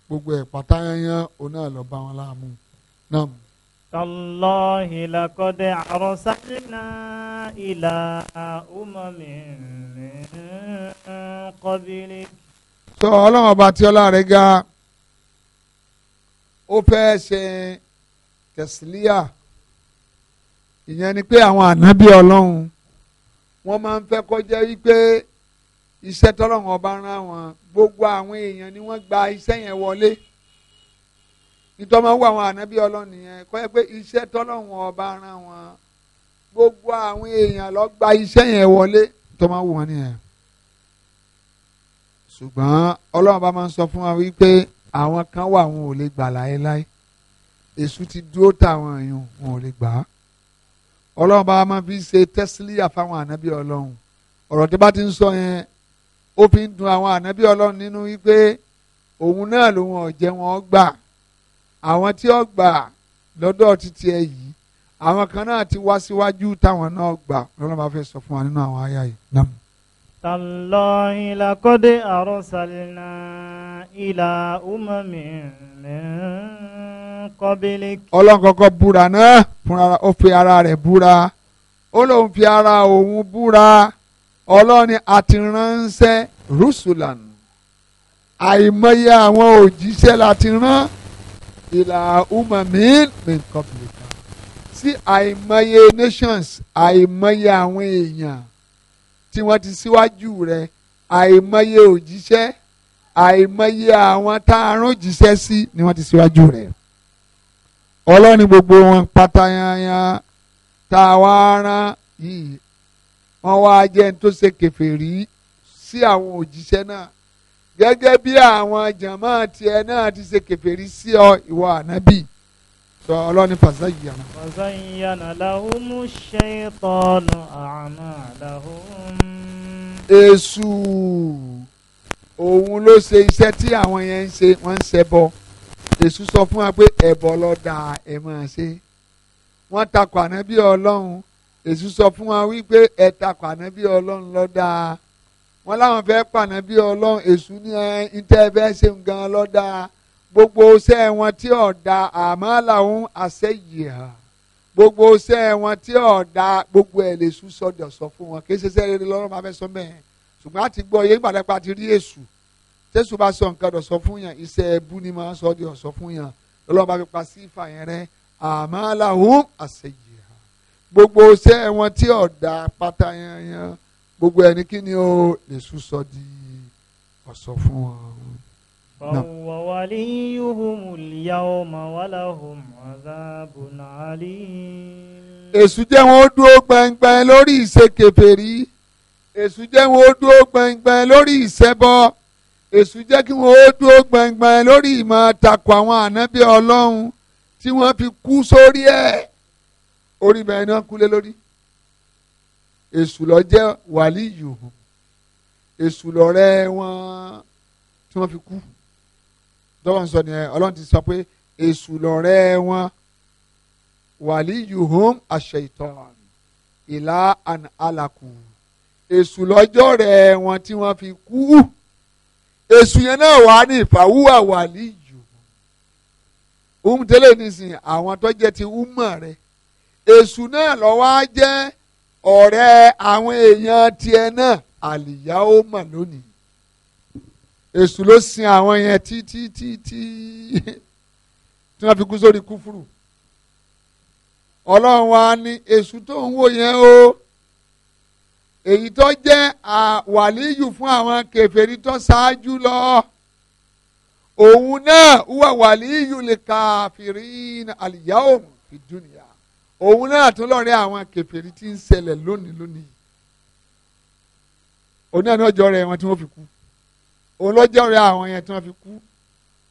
gbogbo ẹ̀ pátá yanyan òun náà lọ bá wọn láàmú. نعم تالله لقد أرسلنا إلى أمم من قبلك sọ ọlọ́run ọba tí ọlá rẹ̀ ga ó fẹ́ ṣe tẹ̀sílíà ìyẹn ni pé àwọn ànábì ọlọ́run wọ́n máa ń fẹ́ kọjá wípé iṣẹ́ tọ́lọ́run ọba rán wọn gbogbo àwọn èèyàn ni wọ́n gba iṣẹ́ yẹn wọlé nítorí máa ń wọ àwọn ànábì ọlọ́run nìyẹn kọ́ ẹ pé iṣẹ́ tọ́lọ́run ọba rán wọn gbogbo àwọn èèyàn lọ gba iṣẹ́ yẹn wọlé tó máa wù wọ́n nìyẹn. ṣùgbọ́n ọlọ́run bá máa ń sọ fún wa wípé àwọn kan wà wọn ò lè gbà láéláé èṣù ti dúró táwọn èèyàn wọn ò lè gbà á. ọlọ́run bá máa fi ṣe tẹ́sílíà fáwọn ànábì ọlọ́run ọ̀rọ̀ tó bá ti ń sọ yẹn ó fi ń dùn àwọn ànábì ọlọ́run nínú wípé òun náà lòun ọ̀jẹ̀ wọn gbà àwọn tí ó gbà lọ́dọ̀ títí ẹ yìí àwọn kan náà ti wá síwájú táwọn náà gbà lọ́nà bá fẹ́ sọ fún wa nínú àwọn àyà yìí náà. تالله لقد أرسلنا إلى أمم من قبلك. ọlọ́run kọ́kọ́ búra náà ó fi ara rẹ̀ búra ó lóun fi ara òun búra ọlọ́run ni àti ránṣẹ́ rúṣùlàn àìmọye àwọn òjíṣẹ́ láti rán ìlà umamin min qablika sí àìmọye nations àìmọye àwọn èèyàn tí wọ́n ti síwájú rẹ̀ àìmọye òjíṣẹ́ àìmọye àwọn tá a rán òjíṣẹ́ sí ni wọ́n ti síwájú rẹ̀ ọlọ́ni gbogbo wọn pátá yanyan tá a wá rán yìí wọ́n wá jẹ́ ní tó ṣe kèfèrí sí àwọn òjíṣẹ́ náà gẹ́gẹ́ bí àwọn jàmá tiẹ̀ náà ti ṣe kèfèrí sí ọ ìwọ ànábì sọ ọlọ́ni fàṣà yìyànà. fàṣà yìyànà làwọn ṣe tọ́nu àmà làwọn. èṣù òun ló ṣe iṣẹ́ tí àwọn yẹn ń ṣe wọ́n ń ṣẹbọ èṣù sọ fún wa pé ẹ̀bọ lọ́dà ẹ̀ máa ṣe wọ́n takọ̀ ànábì ọlọ́run èṣù sọ fún wa wípé ẹ̀ takọ̀ ànábì ọlọ́run lọ́dà wọ́n láwọn fẹ́ pàná bí ọlọ́run èṣù ní ìtẹ́fẹ́ eh, ṣe ń gan lọ́dà gbogbo iṣẹ́ wọn tí ọ̀dà àmọ́ làwọn àṣẹyìí hà gbogbo iṣẹ́ wọn tí ọ̀dà gbogbo ẹ̀ lè sùn sọ́dọ̀ sọ fún wọn kì í ṣe iṣẹ́ rere lọ́rọ̀ máa fẹ́ sọ mẹ́ẹ̀ ṣùgbọ́n àti gbọ́ yé gbàdẹ́pà ti rí èṣù tẹ́sù bá sọ nǹkan dọ̀ sọ fún yàn iṣẹ́ ẹbú ni máa sọ dọ̀ sọ fún yàn lọ́lọ́ba fi pa sí ìfà yẹn rẹ àmọ́ làwọn àṣẹyìí hà gbogbo iṣẹ́ wọn tí ọ̀dà pátá yẹn yẹn gbogbo ẹni kí ni ó èṣù sọ di ọ̀sọ̀ fún wọn. فهو وليهم اليوم ولهم عذاب عليم. èṣù jẹ́ wọn ó dúró gbẹngbẹng lórí ìṣe kèfèrí èṣù jẹ́ wọn ó dúró gbẹngbẹng lórí ìṣẹ́bọ èṣù jẹ́ kí wọn ó dúró gbẹngbẹng lórí ìmọ̀ takò àwọn ànábì ọlọ́run tí wọ́n fi kú sórí ẹ̀ orí bẹ́ẹ̀ ni wọ́n kú lé lórí èṣù ló jẹ́ wàlíyù èṣù lọ́rẹ́ wọn tí wọ́n fi kú dọ́wọ́ ń sọ nìyẹn ọlọ́run ti sọ pé èṣù lọ́rẹ́ wọn wàlíyù hom àṣeyìtàn ìlà àlàkù èṣù lọ́jọ́ rẹ̀ wọn tí wọ́n fi kú èṣù yẹn náà wà ní ìfàwúwà wàlíyù òun tẹ́lẹ̀ nísìnyí àwọn tó jẹ́ ti úmọ̀ rẹ̀ èṣù náà ló wá jẹ́ ọ̀rẹ́ àwọn èèyàn tiẹ̀ náà àlìyá ó mà lónìí èṣù ló sin àwọn yẹn tí tí tí tí tí wọ́n fi kú sórí kúfúrú ọlọ́run wa ni èṣù tó ń wò yẹn o èyí tó jẹ́ àwàlíyù fún àwọn kèfèrí tó ṣáájú lọ òun náà wà wàlíyù lè kàfìrí àlìyá òun fi dúnìyà òun náà tún lọ́rẹ́ àwọn kèfèrí tí ń ṣẹlẹ̀ lónìí lónìí òun náà ní ọjọ́ rẹ̀ wọn tí wọ́n fi kú òun lọ́jọ́ rẹ̀ àwọn yẹn tí wọ́n fi kú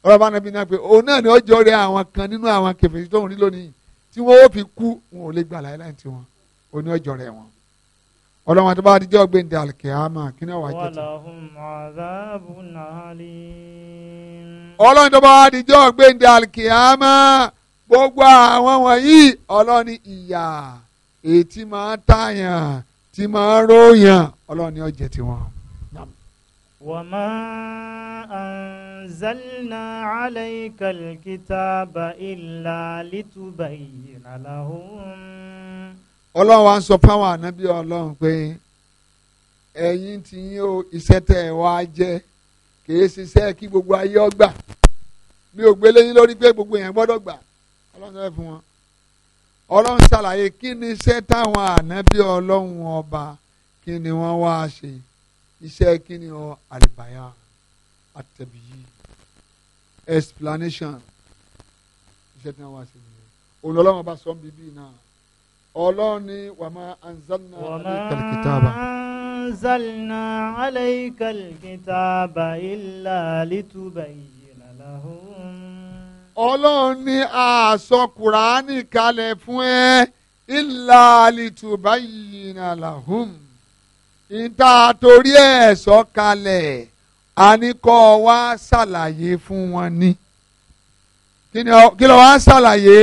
ọ̀rọ̀ bá nàbí náà pé òun náà ní ọjọ́ rẹ̀ àwọn kan nínú àwọn kèfèrí tó ń rí lónìí tí wọ́n ó fi kú wọn ò lè gbà láyé láyé tí wọn òun ní ọjọ́ rẹ̀ wọn ọlọ́wọ́n tó bá di jọ́ gbẹ̀ǹdẹ̀ àlùkìyámà kí ni wàá jẹ́ tó. ọlọ́run tó bá di jọ́ gbẹ̀ǹdẹ̀ àlùkìyámà gbogbo àwọn wọ̀nyí ọlọ́ni ìyà èyí tí máa tààyàn tí máa róyàn ọlọ́ni ó jẹ́ tiwọn. وما أنزلنا عليك الكتاب إلا لتبين لهم ọlọ́run wa ń sọ fáwọn ànábì ọlọ́run pé ẹ̀yin tí yín o iṣẹ́ tẹ̀ ẹ̀ ṣiṣẹ́ kí gbogbo ayé ọgbà pé gbogbo gbọ́dọ̀ gbà ọlọ́run sọ fún wọn ọlọ́run ṣàlàyé kí ni iṣẹ́ táwọn ànábì ọlọ́run ọba kí ni wọ́n wá ṣe iṣẹ́ kí ni ọ àlìbáyà àtẹ̀bíyì explanation iṣẹ́ tí wọ́n wá ṣe nìyẹn òun ọlọ́run ọba sọ bíbí náà ọlọ́run ni wàmà anzalna alaykal kitaba. anzalna alaykal kitaba illa litubayyina lahum ọlọ́run ní àṣọ kùránì kalẹ̀ fún ẹ ìlà àlìtùbá yìnyínà làhùn ìta torí ẹ̀ sọ kalẹ̀ àníkọ́ wa ṣàlàyé fún wọn ní. kí ló wá ṣàlàyé.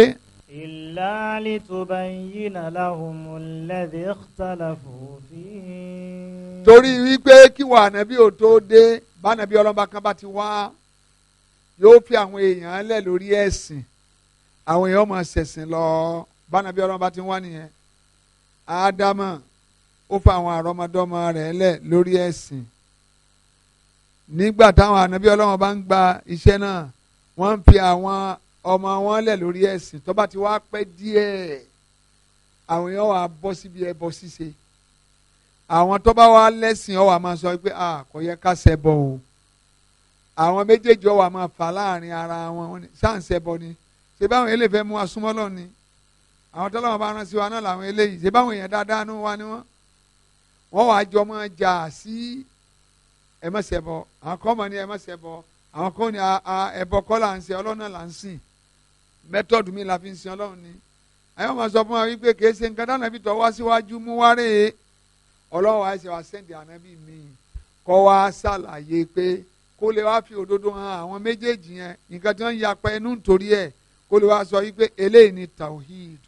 إلا لتبين لهم الذي اختلفوا فيه. torí wípé kí wàhánà bí o tó dé bá nàbí ọlọ́ba kan bá ti wá yóò fi àwọn èèyàn lẹ̀ lórí ẹ̀sìn àwọn èèyàn máa ṣẹ̀sìn lọ bánabí ọlọ́run bá ti wá nìyẹn ádámà ó fa àwọn àrọ́mọdọ́mọ rẹ̀ lẹ̀ lórí ẹ̀sìn nígbà táwọn ànábí ọlọ́run bá ń gba iṣẹ́ náà wọ́n ń fi àwọn ọmọ wọn lẹ̀ lórí ẹ̀sìn tó bá ti wá pẹ́ díẹ̀ àwọn èèyàn wà bọ́ síbi ẹbọ ṣíṣe àwọn tó bá wá lẹ́sìn ó wá sọ pé à ká ṣẹbọ o àwọn méjèèjì ọwọ́ àmọ́ fà láàrin ara wọn ni bọ ni ṣé báwọn eléyìí fẹ́ mú asúmọ́ lọ ni àwọn tọ́lọ́wọ́n bá rán sí wa náà làwọn eléyìí ṣé báwọn èèyàn dáadáa nú wa ni wọ́n wọ́n wàá jọ mọ́ jà sí ẹ̀mọ́sẹ̀ bọ àwọn kan mọ̀ ní ẹ̀mọ́sẹ̀ bọ àwọn kan ní ẹ̀bọ kọ́ là ń ṣe ọlọ́run là ń sìn mẹ́tọ́ọ̀dù mi la fi ń sin ọlọ́run ni àyọ̀ máa sọ fún wa wípé kì í ṣe nǹkan dáná bí tọ́ wá síwájú mú wáré ọlọ́run wa ṣe wa sẹ́ǹdì ànábì mi kọ́ wa ṣàlàyé pé kó lè wá fi òdodo hàn àwọn méjèèjì yẹn nǹkan tí wọ́n ń yapa ẹnu nítorí ẹ̀ kó lè wá sọ wípé eléyìí ni tawhid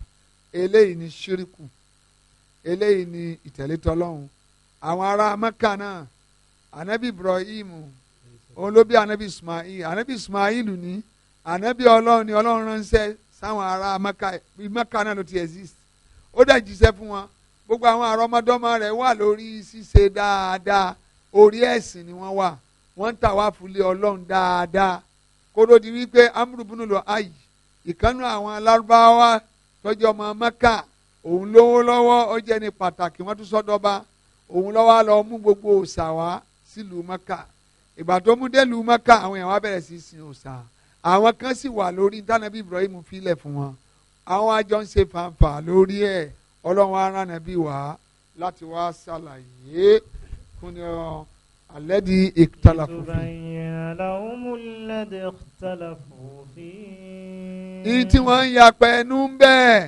eléyìí ni shiriku eléyìí ni ìtẹ̀lé tọlọ́hun àwọn ará mẹ́kà náà anabi ibrahim òun ló bí anabi ismail anabi ismail ní anabi ọlọ́run ni ọlọ́run ránṣẹ́ sáwọn ará mẹ́kà mẹ́kà náà ló ti exist ó dẹ̀ jíṣẹ́ fún wọn gbogbo àwọn àrọ́mọdọ́mọ rẹ̀ wà lórí ṣíṣe dáadáa orí ẹ̀sìn ni wọ́n wà wọ́n ń tàwa fúlé ọlọ́run dáadáa kóró di wípé amúrúbúnú lọ ayì ìkànnù àwọn alárúbáwá tọ́jú ọmọ mẹ́kà òun lówó lọ́wọ́ ó jẹ́ ní pàtàkì wọ́n tún sọ́dọ́ba òun lọ́wọ́ lọ mú gbogbo òòṣà wá sílùú mẹ́kà ìgbà tó mú délùú mẹ́kà àwọn èèyàn wá bẹ̀rẹ̀ sí sin òòṣà àwọn kan sì wà lórí tánàbí Ibrahim filẹ̀ fún wọn àwọn àjọ ń ṣe fàǹfà lórí ẹ̀ ọlọ́run aránàbí wá láti wá ṣàlàyé fún ọ الذي اختلفوا فيه لهم الذي اختلفوا فيه èyí tí wọ́n ń yapa ẹnu ń bẹ́ẹ̀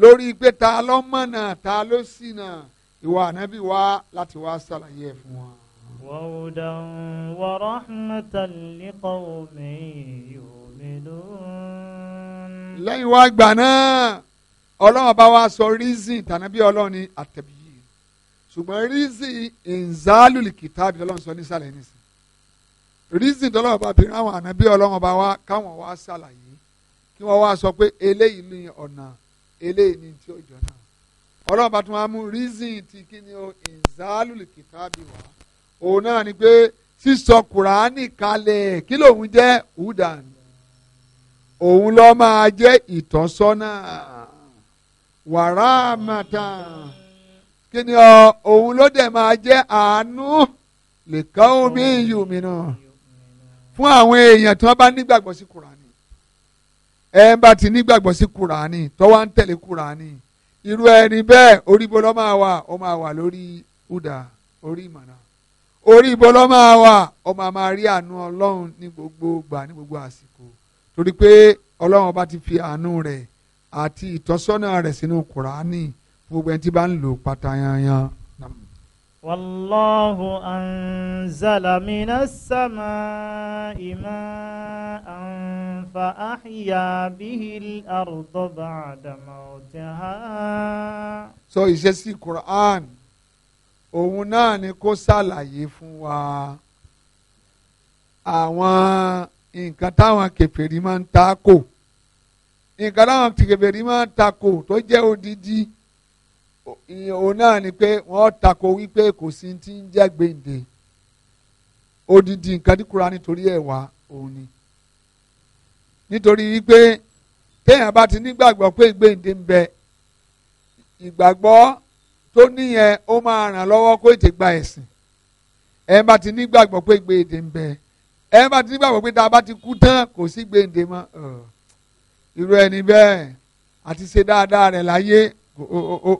lórí pé ta ló mọ̀nà ta ló ṣìnà ìwà ànábì wá láti wá ṣàlàyé ẹ̀ fún wọn. وهدى ورحمة لقوم يؤمنون. lẹ́yìn wá gbà náà ọlọ́run bá wa sọ rízìn tànàbí ọlọ́run ni àtẹ̀bí ṣùgbọ́n rízì ìnzálùlì kìtàbí lọ́lọ́run sọ nísàlẹ̀ nísì rízì tọ́lọ́run bá fi ráwọn ànábí ọlọ́run bá wá káwọn wá ṣàlàyé kí wọ́n wá sọ pé eléyìí ní ọ̀nà eléyìí ní tí ó jọ náà ọlọ́run bá tún wá mú rízì ti kí ni o ìnzálùlì kìtàbí wá òun náà ni pé sísọ kùránì kalẹ̀ kí lòun jẹ́ udan òun ló máa jẹ́ ìtọ́sọ́nà wàrà màtàn kí ni ọ òun ló dẹ̀ máa jẹ́ àánú lè ká omi ìyù mi náà fún àwọn èèyàn tí wọ́n bá nígbàgbọ́ sí kùránì ẹ bá ti nígbàgbọ́ sí kùránì tó wá ń tẹ̀lé kùránì irú ẹni bẹ́ẹ̀ orí ibo ló máa wà ó máa wà lórí ùdà orí ìmọ̀nà orí ibo ló máa wà ó máa máa rí àánú ọlọ́run ní gbogbo gbà ní gbogbo àsìkò torí pé ọlọ́run bá ti fi àánú rẹ̀ àti ìtọ́sọ́nà rẹ̀ sínú kùránì gbogbo ẹni tí bá ń lò pátá yanyan. والله أنزل من السماء ماء فأحيا به الأرض بعد موتها. so ìṣesí Quran òun náà ni kó ṣàlàyé fún wa àwọn nǹkan táwọn kèfèrí máa ń ta kò nǹkan táwọn kèfèrí máa ń ta tó jẹ́ odidi òun náà ni pé wọ́n tako wípé kò sí ti ń jẹ́ gbèǹde odidi nǹkan tí Kùránì nítorí ẹ̀ òun ni nítorí wípé téèyàn bá ti nígbàgbọ́ pé gbèǹde ń bẹ ìgbàgbọ́ tó níyẹn ó máa ràn lọ́wọ́ kó ètè gba ẹ̀sìn ẹ bá ti nígbàgbọ́ pé gbèǹde ń bẹ ẹ bá ti nígbàgbọ́ pé tá a bá ti kú tán kò sí gbèǹde mọ́ irú ẹni bẹ́ẹ̀ àti ṣe dáadáa rẹ̀ láyé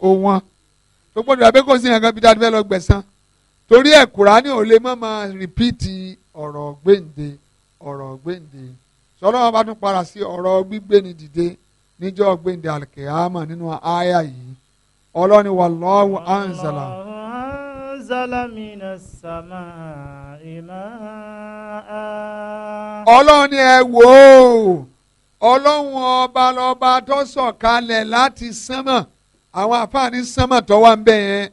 ó wọ́n tó gbọ́dọ̀ àbẹ́ kò sí nǹkan bí dáadé fẹ́ lọ gbẹ̀san torí ẹ̀ Kùránì ò lè má máa rìpíìtì ọ̀rọ̀ gbéǹde ọ̀rọ̀ gbéǹde sọlọ́ wọn bá tún para sí ọ̀rọ̀ gbígbéni dìde níjọ́ gbéǹde àlùkìyámà nínú àyà yìí ọlọ́ni wallahu anzala. anzala minas samaa'i ma'a. ọlọ́ni ẹ wò ó ọlọ́run ọba lọ́ba tó sọ̀kalẹ̀ láti sánmà àwọn àfáàní sánmàtọ́ wà ń bẹ̀ yẹn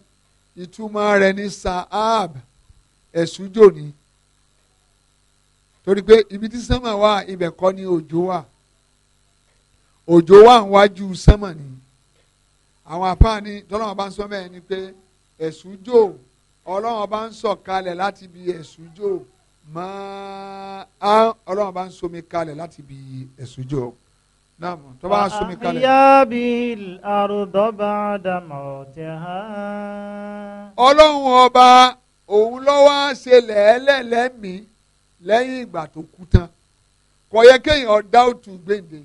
ìtumọ̀ rẹ̀ ní saab ẹ̀sùjò ni torí pé ibi tí sánmà wà ibẹ̀ kọ́ ni òjò wà òjò wà ń wájú sánmà ni àwọn àfáàní tọ́lọ́wọ́n bá ń sọ bẹ́ẹ̀ ni pé ẹ̀sùjò ọlọ́wọ́n bá ń sọ̀ kalẹ̀ láti ibi ẹ̀sùjò máa ọlọ́wọ́n bá ń somi kalẹ̀ láti ibi ẹ̀sùjò. نعم طبعا سمي كلام أحيا به الأرض بعد موتها ọlọ́run ọba òun ló wá ṣe lẹ́ẹ̀lẹ́ lẹ́mìí lẹ́yìn ìgbà tó kú tán kò yẹ kéèyàn dáùtù gbèǹde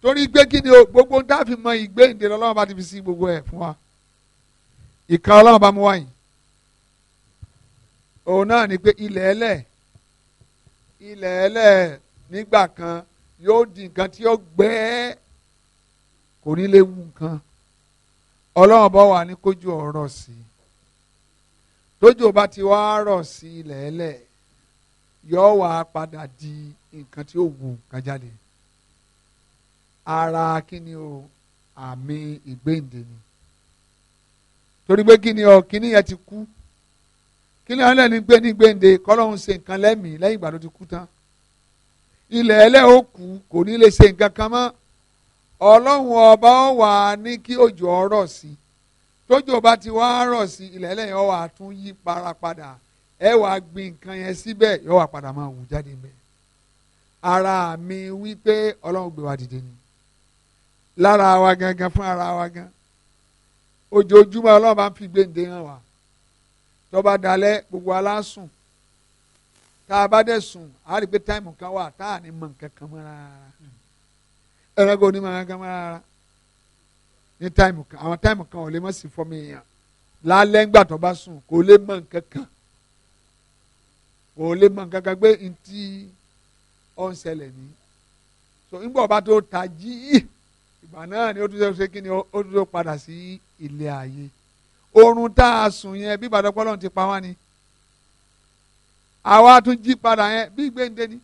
torí gbé kí ni gbogbo ń dáàfin mọ ìgbéǹde lọ́lọ́run bá ti fi sí gbogbo ẹ̀ fún wa ìka ọlọ́run bá mú wáyìn òun náà ni pé ilẹ̀ ẹlẹ̀ ilẹ̀ ẹlẹ̀ nígbà kan yóò di nǹkan tí ó gbẹ́ kò ní lè wù nǹkan ọlọ́run bá wà ní kójú ọ̀rọ̀ sí i tójú ọba ti wá rọ̀ sí i lẹ́ẹ̀lẹ́ yóò wá padà di nǹkan tí ó wù nǹkan jáde ara kí o àmì ìgbéǹde ni torí pé kí ni ọ kí ni yẹn ti kú kí ni ọ lẹ́ni gbé ní gbéǹde kọ́lọ́hún ṣe nǹkan lẹ́mìí lẹ́yìn ìgbà tó ti kú tán. ilẹ̀ ẹlẹ́ ó kú kò ní lè ṣe nǹkan kan mọ́ ọlọ́run ọba ó wà á ní kí òjò ọ̀rọ̀ sí tójò bá ti wá rọ̀ sí ilẹ̀ ẹlẹ́ yẹn ó wà á tún yí para padà ẹ wàá gbin nǹkan yẹn síbẹ̀ yóò wà padà máa wù jáde mẹ́ ara mi wípé ọlọ́run gbé wa dìde ni lára wa gangan fún ara wa gan ojoojúmọ́ ọlọ́run bá ń fi gbèǹde hàn wá tó bá dalẹ́ gbogbo aláṣùn tá a bá dẹ̀ sùn a rí i pé táìmù kan wà tá a ní mọ nǹkan kan mọ́ rárá ẹ̀rọ kò ní mọ nǹkan kan mọ́ rárá ní táìmù kan àwọn táìmù kan ò lè mọ̀ sí fọ́mi èèyàn lálẹ́ ńgbà tó bá sùn kò lè mọ nǹkan kan kò lè mọ nǹkan kan pé ntí ọ̀ ṣẹlẹ̀ ní so ńgbà ọba tó ta jí ìgbà náà ni ó tún ṣe kí ni ó tún padà sí ilé ayé oorun tá a sùn yẹn bí ìbàdàn pọ́lọ́n àwa tún jí padà yẹn bí gbẹ̀ǹde ni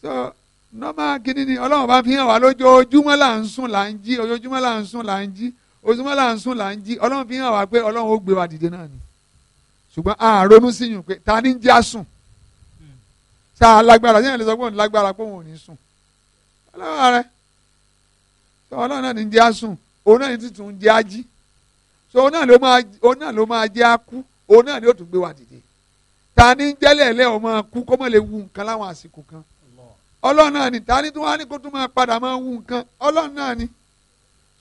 so nọ́mà kínní ni ọlọ́run bá fi hàn wá lójoojúmọ́ là ń sùn là ń jí ojoojúmọ́ là ń sùn là ń jí ojoojúmọ́ là ń sùn là ń jí ọlọ́run fi hàn wá pé ọlọ́run ó gbé wa dìde náà ni ṣùgbọ́n a ronú sí yùn pé ta ni ń já sùn tá a lágbára yẹn lè sọ pé òun lágbára pé òun ò ní sùn ọlọ́run rẹ ọlọ́run náà ni ń já sùn òun náà ni tuntun ń já jí so òun náà ló máa jẹ́ àkú òun náà ni ó tún gbé wa dìde ta ni jẹ́lẹ̀ lẹ́ ọmọ kú kó mọ̀ lè wu nǹkan láwọn àsìkò kan ọlọ́run náà ni ta ni tí wọ́n á ní kó tún máa padà máa wu nǹkan ọlọ́run náà ni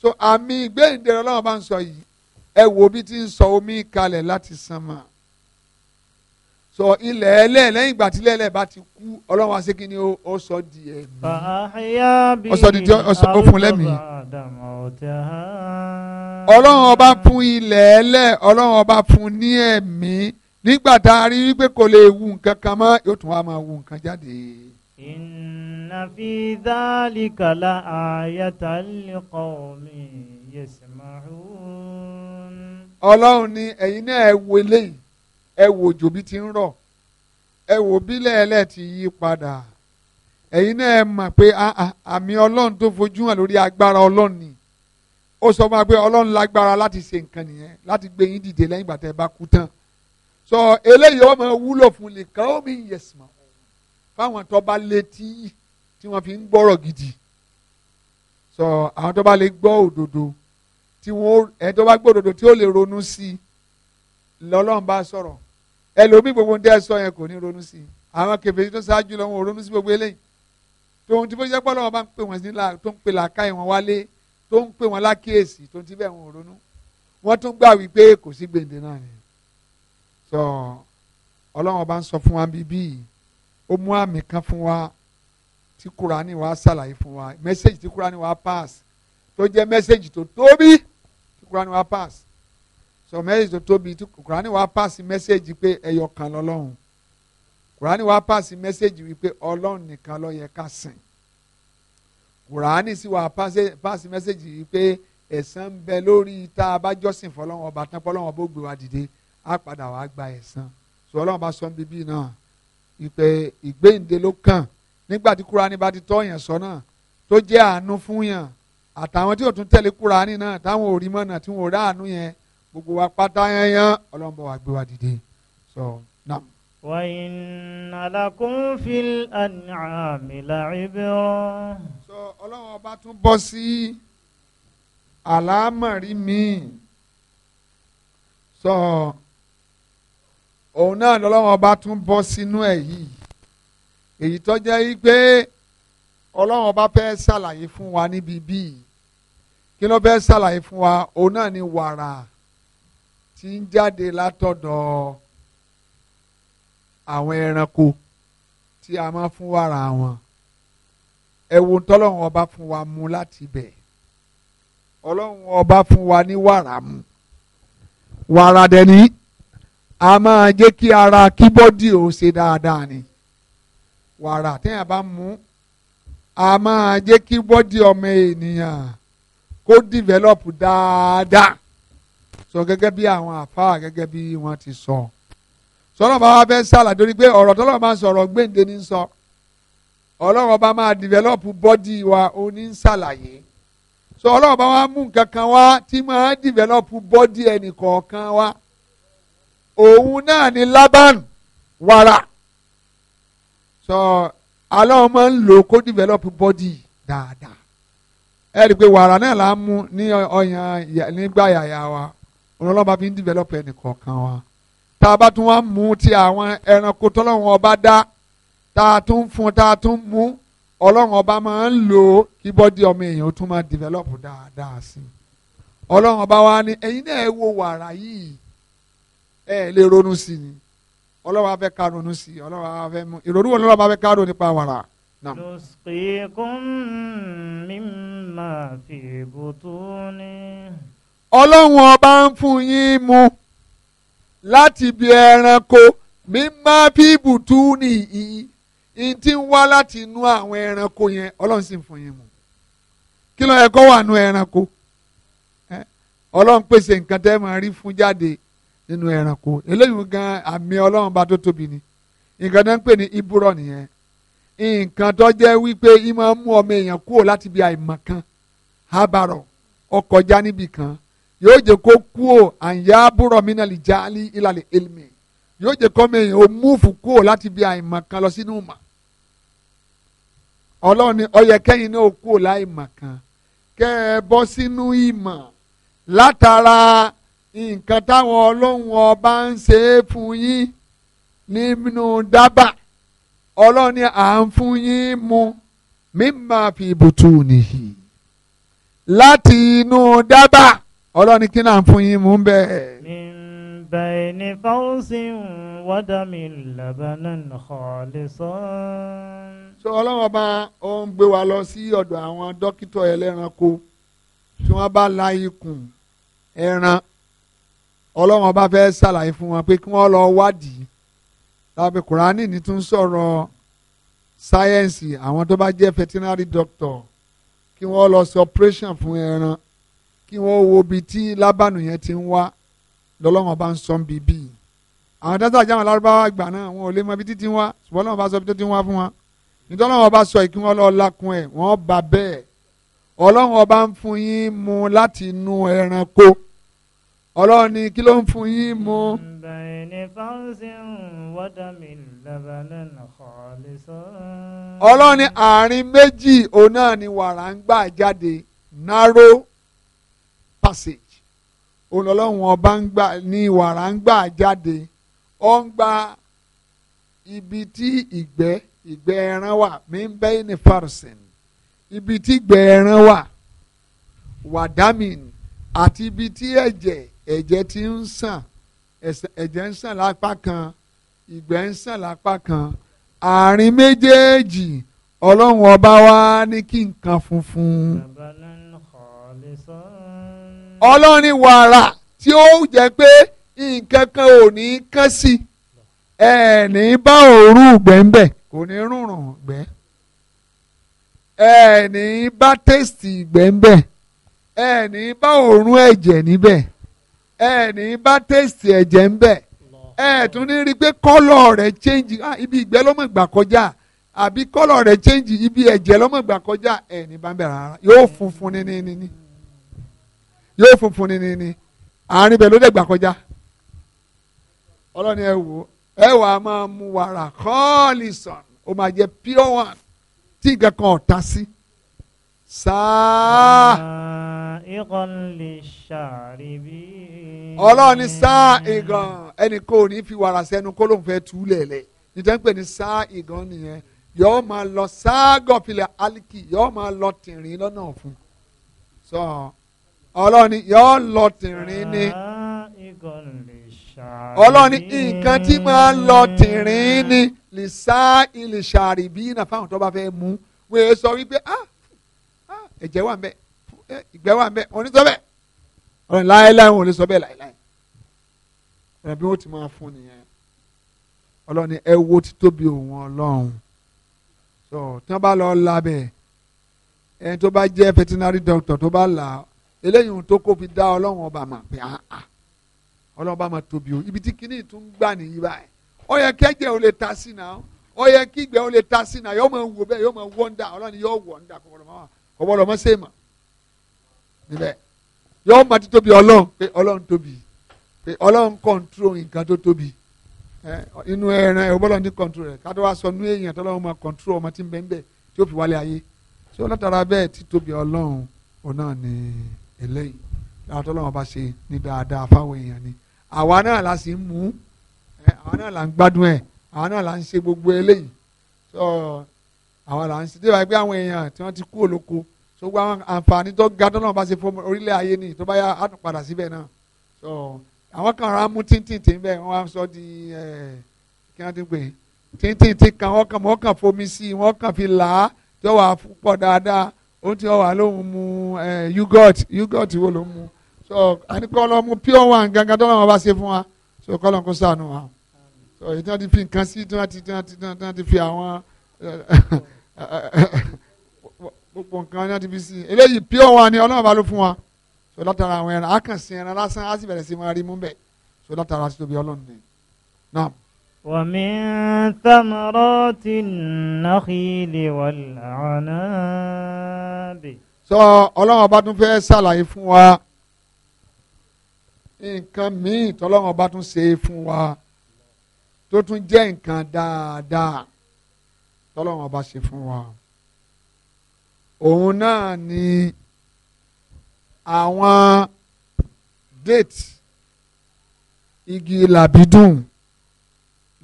so àmì ìgbéyìndé ọlọ́run bá ń sọ yìí ẹ wo bí ti ń sọ omi kalẹ̀ láti sánmà so ilẹ̀ ẹlẹ́ lẹ́yìn ìgbà tí ilẹ̀ ẹlẹ́ bá ti kú ọlọ́run aṣèkí ni ó sọ di ẹ̀mí ọsọ di ó fún lẹ́mìí ọlọ́run ọba fún ilẹ̀ ẹlẹ́ ọlọ́run ọba fún ní ẹ̀mí nígbà tá a rí wípé kò lè wu nǹkan kan mọ́ yóò tún wá máa wu nǹkan jáde. inna fi dhalika la ayatan liqawmin yasma'un. ọlọ́run ni ẹ̀yin náà ẹ wo eléyìí ẹ wo òjò bí ti ń rọ̀ ẹ wo bílẹ̀ ẹlẹ́ ti yí padà ẹ̀yin náà ẹ mọ̀ pé ah, ah, àmì ọlọ́run tó fojú hàn lórí agbára ọlọ́run ni ó sọ fún wa pé ọlọ́run lágbára láti ṣe nǹkan nìyẹn láti gbé yín dìde lẹ́yìn ìgbà tẹ́ ẹ bá kú tán sọ eléyìí ọmọ wúlò fún nìkan ó mi yẹsì mọ fáwọn tó bá létí tí wọ́n fi ń gbọ́rọ̀ gidi sọ àwọn tó bá lè gbọ́ òdodo tí wọ́n ẹ tó bá gbọ́ òdodo tí ó lè ronú sí i lọ́lọ́run bá sọ̀rọ̀ ẹlòmíì gbogbo ndé sọ yẹn kò ní ronú sí i àwọn kèfèrí tó ṣáájú lọ wọn ò ronú sí gbogbo eléyìí tòun ti fẹ́ jẹ́ pọ́lọ́wọ́ bá ń pè wọ́n nílà tó ń pè làákàyè wọn wálé tó ń pè wọ́n lákèésì tó ti bẹ́ẹ̀ wọn ò ronú wọ́n tún gbà wípé kò sí gbèǹde náà nìyẹn so ọlọ́run ọba ń sọ fún wa bíbí ó mú àmì kan fún wa tí kúránì wa ṣàlàyé fún wa mẹ́sẹ̀gì tí kúránì wa pass tó jẹ́ mẹ́sẹ̀gì tó tóbi tí kúránì wa pass so mẹ́sẹ̀gì tó tóbi tí kúránì wa pass mẹ́sẹ̀gì pé ẹyọ kan lọ́lọ́run kúránì wa pass mẹ́sẹ̀gì wípé ọlọ́run nìkan ló yẹ ká sìn kúránì sì wa pass mẹ́sẹ̀gì wípé ẹ̀san ń bẹ lórí tá a bá jọ́sìn fọlọ́run ọba tán fọlọ́run ọba gbé wa dìde á padà wàá gba ẹ̀san sọ ọlọ́run bá sọ bíbí náà ìpè ìgbéǹde ló kàn nígbà tí kúránì bá ti tọ́ yẹn sọ náà tó jẹ́ àánú fún yàn àtàwọn tí ò tún tẹ̀lé kúránì náà táwọn ò rí mọ́nà tí wọn ò ráàánú yẹn gbogbo wa pátá yányán ọlọ́run bá wa gbé wa dìde sọ náà. وَإِنَّ لَكُمْ فِي الْأَنْعَامِ sọ ọlọ́run ọba tún bọ́ sí àlámọ̀rí mi sọ òun náà lọ́lọ́wọ́n bá tún bọ́ sínú ẹ̀ yìí èyí tó jẹ́ yí pé ọlọ́wọ́n bá fẹ́ ṣàlàyé fún wa níbi bíi kí ló fẹ́ ṣàlàyé fún wa òun náà ni wàrà tí ń jáde látọ̀dọ̀ àwọn ẹranko tí a máa fún wàrà wọn ẹ̀wù tọ́lọ́wọ́n ọba fún wa mu láti bẹ̀ ọlọ́wọ́n ọba fún wa ní wàrà mu wàrà dẹ̀ a máa jẹ́ kí ara kí bọ́dì ò ṣe dáadáa ni wàrà téèyàn bá mú a máa jẹ́ kí bọ́dì ọmọ ènìyàn kó dìvẹ́lọ́pù dáadáa sọ gẹ́gẹ́ bí àwọn àfáà gẹ́gẹ́ bí wọ́n ti sọ sọlọ́ bá wá fẹ́ sàlà torí pé ọ̀rọ̀ tọ́lọ́ máa sọ̀rọ̀ gbéǹde ní sọ ọlọ́run bá máa dìvẹ́lọ́pù bọ́dì wa ó ní sàlàyé sọ ọlọ́run bá wá mú nǹkan kan wá tí máa dìvẹ́lọ́pù bọ́dì ẹnì kọ̀ọ̀kan wá òun náà ni Laban wàrà sọ aláwọ̀ máa ń lò kó develop body dáadáa ẹ rí i pé wàrà náà là ń mú ní ọyàn nígbà yàyà wa ọlọ́ba fi ń develop ẹnì kọ̀ọ̀kan wa tá a bá tún wá mú ti àwọn ẹranko tọ́lọ́wọ́n ọba dá tá a tún fún tá a tún mú ọlọ́run ọba máa ń lo kí bọ́dí ọmọ èèyàn tún máa develop dáadáa sí i ọlọ́run ọba wa ní ẹ̀yin náà ẹ wo wàrà yìí ẹ lè ronú sí ni ọlọ́wọ́ abẹ́ ká ronú sí ọlọ́wọ́ abẹ́ mú ìrònú wọn lọ́wọ́ abẹ́ ká ronú nípa wàrà. nusqikum mimma fi butuni. ọlọ́run ọba ń fún yín mu láti ibi ẹranko mimma fi butuni yìí n ti ń wá láti inú àwọn ẹranko yẹn ọlọ́run sì ń fún yín mu kí ló yẹ kó wà nú ẹranko ọlọ́run pèsè nǹkan tẹ́ máa rí fún jáde nínú ẹranko eléyìí gan àmì ọlọ́run bá tó tóbi ni nǹkan tó ń pè ní ibúrọ̀ nìyẹn nǹkan tó jẹ́ wípé í máa ń mú ọmọ èèyàn kúrò láti ibi àìmọ̀ kan hábàrọ̀ ọkọjá níbì kan yóò jẹ́ kó kúrò àyà búrọ̀ mínà lè já ní ìlàlẹ̀ elmi yóò jẹ́ kọ́mọ èèyàn ó múùfù kúrò láti ibi àìmọ̀ kan lọ sínú ìmọ̀ ọlọ́run ni ó yẹ kẹ́yìn náà kúrò láìmọ̀ kan kẹ́ ẹ bọ́ sínú ìmọ̀ látara nǹkan táwọn ọlọ́run ọba ń ṣe é fún yín nínú dábà ọlọ́run ni à ń fún yín mu mímọ fi nìyí láti inú dábà ọlọ́run kí náà ń fún yín mu bẹ́ẹ̀. min bayni fawsin wa damin labanan khalisan. so ọlọ́run ọba ó ń gbé wa lọ sí ọ̀dọ̀ àwọn dókítà ẹlẹ́ranko ọlọ́run ọba fẹ́ ṣàlàyé fún wọn pé kí wọ́n lọ wádìí tàbí kùránì ní tún sọ̀rọ̀ sáyẹ́ǹsì àwọn tó bá jẹ́ veterinary doctor kí wọ́n lọ sí operation fún ẹran kí wọ́n wo ibi tí lábànú yẹn ti ń wá lọ́lọ́run ọba ń sọ bí bíi àwọn tó ń sàjà àwọn lárúbáwá àgbà náà wọn ò lè mọ ibi títí wá ṣùgbọ́n lọ́wọ́ bá sọ ibi tó ti wá fún wọn nítorí wọn bá sọ ìkí wọn lọ lakun ẹ̀ wọ́n bá bẹ́ẹ̀ ọlọ́run ọba ń fún yín mu láti inú ẹranko ọlọ́run ni kí ló ń fún yín mu. ọlọ́run ni àárín méjì òun náà ni wàrà ń gbà jáde narrow passage òun ọlọ́run ọba ń gbà ní wàrà ń gbà jáde ó ń gba ibi tí ìgbẹ́ ìgbẹ́ ẹran wà mí ń bẹ́ ní farsin ibi tí ìgbẹ́ ẹran wà wàdámìn àti ibi tí ẹ̀jẹ̀ ẹ̀jẹ̀ ti ń sàn ẹ̀jẹ̀ ń sàn lápá kan ìgbẹ́ ń sàn lápá kan àárín méjèèjì ọlọ́run ọba wa ní kí nǹkan funfun. ọlọ́run ní wàrà tí ó jẹ́ pé nǹkan kan ò ní kán sí ẹ̀ ní bá òórùn gbẹ̀ǹbẹ̀ kò ní rùnrùn gbẹ́ ẹ̀ ní bá tẹ́sítì gbẹ̀ǹbẹ̀ ẹ̀ ní bá òórùn ẹ̀jẹ̀ níbẹ̀ ẹ ní bá tẹ̀sì ẹ̀jẹ̀ ń bẹ̀ ẹ tún ní rí i pé kọ́lọ̀ rẹ̀ change ah, ibi ìgbẹ́ lọ́mọ ìgbà kọjá àbí kọ́lọ̀ rẹ̀ change ibi ẹ̀jẹ̀ lọ́mọ ìgbà kọjá ẹ ní bá ń bẹ̀ rárá yóò funfun ní ní ní ní yóò funfun ní ní ní àárín bẹ̀ ló dẹ̀ gbà kọjá ọlọ́ni ẹ wò ẹ wà á máa mu wàrà kọ́ọ̀lì sàn ó máa jẹ pure one tí nǹkan kan ọ̀ sí. Si sáà. ìkan lè ṣàrìbí. ọlọ́run ní sáà ìgàn ẹnìkan ò ní fi wàrà sẹ́nu kó ló ń fẹ́ tú lẹ̀lẹ̀ nítorí pé ní sáà ìgàn nìyẹn yọ́ọ́ máa lọ sáà gọ̀fìlẹ̀ aliki yọ́ọ́ máa lọ tìrín lọ́nà fún sọ ọlọ́run ní yọ́ọ́ lọ tìrín ní. ọlọ́run ní nǹkan tí máa lọ tìrín ní lè sáà ilẹ̀ ṣàrìbí náà fáwọn tó bá fẹ́ mú wọ́n sọ wípé ah ẹ̀jẹ̀ wà ń bẹ ìgbẹ́ wà ń bẹ òní sọ bẹ́ẹ̀ ọ̀rọ̀ láéláé wọn ò lè sọ bẹ́ẹ̀ láéláé ẹ̀rọ bí wọ́n ti máa fún nìyẹn ọlọ́run ni ẹ wo ti tóbi òun ọlọ́run tó tí bá lọ labẹ̀ ẹni tó bá jẹ́ veterinary doctor tó bá là eléyìí tó kó fi dá ọlọ́run ọba mà pé àhà ah, ah. ọlọ́run ọba mà tóbi o ibi tí kinní tún gbà nìyí báyìí ó yẹ kẹ́jẹ́ ò lè ta sí náà ó yẹ kígbẹ́ ò lè ta sí náà yóò máa wò bẹ́ẹ̀ yóò máa wọ́ndà ọlọ́run yóò wọ́ndà kọ́kọ́rọ́ máa wà ọ̀bọ̀lọ̀ mọ́ sèmà níbẹ̀ yọ ọmọ ti tóbi ọlọ́run pé ọlọ́run tóbi pé ọlọ́run kọ̀ǹtúrò nǹkan tó tóbi inú ẹran ẹ̀ ọ̀bọ̀lọ̀ ní kọ̀ǹtúrò rẹ̀ kátó wá sọ inú èèyàn tọ́lọ́run máa kọ̀ǹtúrò ọmọ tí ń bẹ tí ó fi wálé ayé tí ó látara bẹ́ẹ̀ tí tóbi ọlọ́run òun ni eléyìí láwọn tọ́lọ́run bá ṣe ní dáadáa fáwọn èèyàn ni àwa náà la sì ń mú àwa náà la ń gbádùn ẹ̀ àwa náà la ń ṣe gbogbo eléyìí àwa là ń ṣe débàá pé àwọn èèyàn tí wọ́n ti kú òlóko so gbogbo àwọn àǹfààní tó ga tó náà bá ṣe fún orílẹ̀ ayé ni tó bá yà á tún padà síbẹ̀ náà so àwọn kan ra mú tíntìntì bẹ́ẹ̀ wọ́n á sọ di kí wọ́n ti pè tíntìntì kan wọ́n kàn wọ́n kàn fomi sí i wọ́n kàn fi là á tí wọ́n wà púpọ̀ dáadáa ó ti wà lóhùn mu yúgọ̀t yúgọ̀t wo ló mu so àníkọ́ lọ mu pure one gangan tó náà bá ṣe fún wa so kọ́ ló ń kó sànù wa so èyí tí wọ́n ti fi nǹkan sí tí wọ́n ti fi àwọn gbogbo nǹkan ní àtibí sí eléyìí pure wa ni ọlọ́run bá ló fún wa so àwọn ẹran akànṣe ẹran lásán á sì bẹ̀rẹ̀ sí máa rí mú bẹ̀ so látara títóbi ọlọ́run ni náà. ومن ثمرات النخيل والأعناب sọ ọlọ́run ọba tún fẹ́ ṣàlàyé fún wa nǹkan míì tọ́lọ́run ọba tún ṣe fún wa tó tún jẹ́ nǹkan dáadáa tọ́lọ́run ọba ṣe fún wa òun náà ni àwọn date igi làbídùn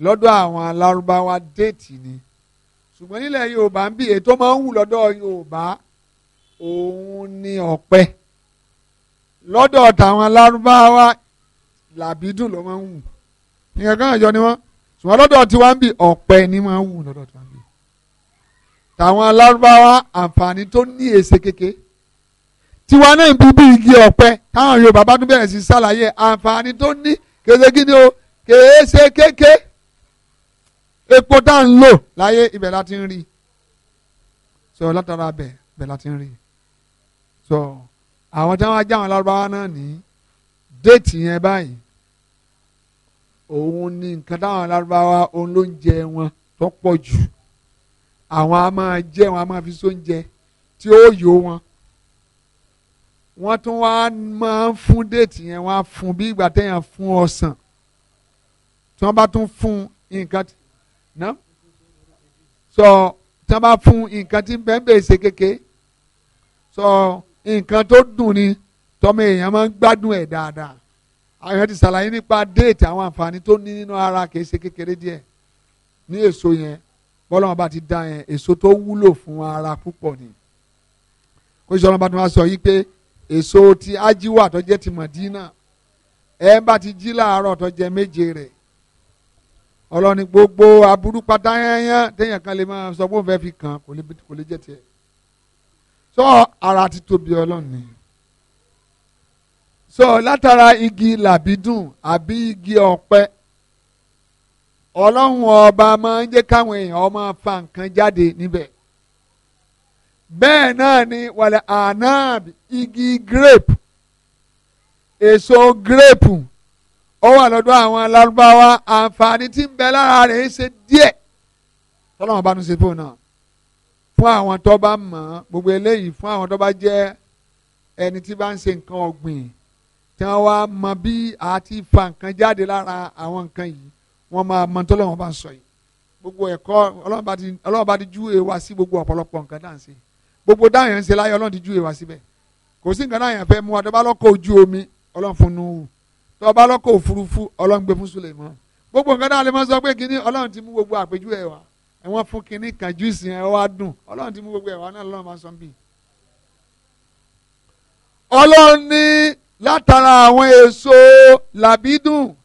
lọ́dọ̀ àwọn alárúbáwá date ni ṣùgbọ́n nílẹ̀ yorùbá ń bí ètò máa ń wù lọ́dọ̀ yorùbá òun ni ọ̀pẹ lọ́dọ̀ tàwọn alárúbáwá làbídùn ló máa ń wù nìkan kan àjọ ni wọ́n ṣùgbọ́n lọ́dọ̀ tiwa ń bí ọ̀pẹ ni máa ń wù lọ́dọ̀ tiwa tàwọn alárúbáwá àǹfààní tó ní èsè kéke tiwa náà bíbí igi ọ̀pẹ táwọn Yorùbá bá tún bẹ̀rẹ̀ sí ṣàlàyé àǹfààní tó ní kéṣegí ni o kéṣe kéke epo tá à ń lò láyé ibẹ̀ láti ń rí sọ látara bẹ̀ bẹ̀ láti ń rí sọ àwọn tí wọ́n á já alárúbáwá náà ní déètì yẹn báyìí òun ni nǹkan táwọn alárúbáwá òun ló ń jẹ wọn tó pọ̀ jù àwọn a máa jẹ wọn a máa fi sóúnjẹ tí ó yó wọn wọ́n tún wá máa ń fún déètì yẹn wọ́n á fún bí ìgbà téèyàn fún ọsàn tí wọ́n bá tún fún nǹkan ná sọ tí wọ́n bá fún nǹkan tí bẹ́ẹ̀ ṣe kéke sọ nǹkan tó dùn ni tọ́mọ èèyàn máa ń gbádùn ẹ̀ dáadáa àwọn ti ṣàlàyé nípa déètì àwọn àǹfààní tó ní nínú ara kìí ṣe kékeré díẹ̀ ní èso yẹn bọ́lọ́mọ bá ti dá yẹn èso tó wúlò fún ara púpọ̀ ni kó sọ ọlọ́mọba tó máa sọ yìí pé èso ti ájíwà tó jẹ́ ti mọ̀dínà ẹ bá ti jí láàárọ̀ tó jẹ méje rẹ̀ ọlọ́ni gbogbo aburú pátá yányán téèyàn kan lè máa sọ bóun fẹ́ fi kàn kò lè jẹ́ tiẹ̀ sọ ara ti tóbi ọlọ́ni sọ látara igi làbídùn àbí igi ọ̀pẹ ọlọ́run ọba máa ń jẹ́ káwọn èèyàn ọmọ fa nǹkan jáde níbẹ̀ bẹ́ẹ̀ náà ni wàlẹ̀ anab igi grape èso grape ó wà lọ́dọ̀ àwọn alárúbáwá àǹfààní tí ń bẹ lára rẹ̀ ń ṣe díẹ̀ tọ́lọ́wọ́n bá nu ṣe fóun náà fún àwọn tó bá mọ̀ ọ́n gbogbo eléyìí fún àwọn tó bá jẹ́ ẹni tí bá ń ṣe nǹkan ọ̀gbìn tí wọ́n wá mọ bí a ti fa nǹkan jáde lára àwọn nǹkan yìí wọ́n máa mọ tó lọ́wọ́ bá ń sọ yìí gbogbo ẹ̀kọ́ ọlọ́run bá ti júwe wa sí gbogbo ọ̀pọ̀lọpọ̀ nǹkan dáhùn sí gbogbo dáhùn yẹn ń ṣe láyé ọlọ́run ti júwe wa síbẹ̀ kò sí nǹkan dáhùn yẹn fẹ́ mú wa tó bá lọ́kọ̀ ojú omi ọlọ́run fún Nuhu tó bá lọ́kọ̀ òfurufú ọlọ́run gbé fún Suleiman gbogbo nǹkan dáhùn lè mọ́ sọ pé kínní ọlọ́run ti mú gbogbo àpèjúwe wa ẹ̀wọ̀n fún kínní kan júùsì yẹn wá dùn ọlọ́run ti mú gbogbo ẹ̀wà náà lọ́run máa sọ bíi. ọlọ́run ní látara àwọn èso làbídùn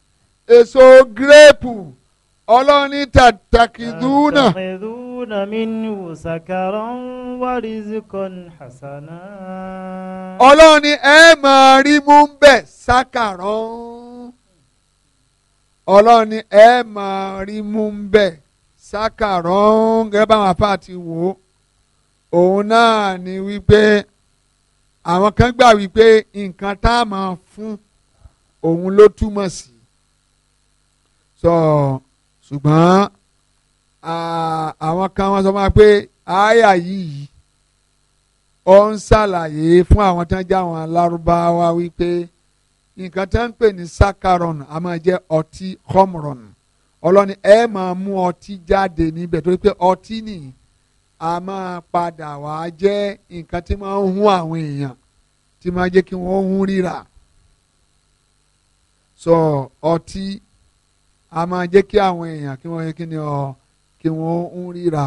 èso gírèpù ọlọ́ni tàtàkìdúnà. tàtàkìdúnà minhu sakaran wa rizqan hasana. ọlọ́ni ẹ máa rí mú bẹ́ sakaran ọlọ́ni ẹ máa rí mú bẹ́ sakaran gẹ́gẹ́ báwọn afá ti wò ó òun náà ni wípé àwọn kan gbà wípé nǹkan tá a máa fún òun ló túmọ̀ sí so ṣùgbọ́n àwọn kan wọ́n sọ fún wa pé àyà yìí ó ń ṣàlàyé fún àwọn tán já wọn lárúbáwá wípé nǹkan tán ń pè ní sakaron a máa jẹ́ ọtí homron ọlọ́ni ẹ máa mú ọtí jáde níbẹ̀ torí pé ọtí nìyí a máa padà wá jẹ́ nǹkan tí máa ń hún àwọn èèyàn tí máa jẹ́ kí wọ́n hún ríra sọ ọtí a máa jẹ́ kí àwọn èèyàn kí wọ́n yẹ kí ni ọ kí wọ́n ń ríra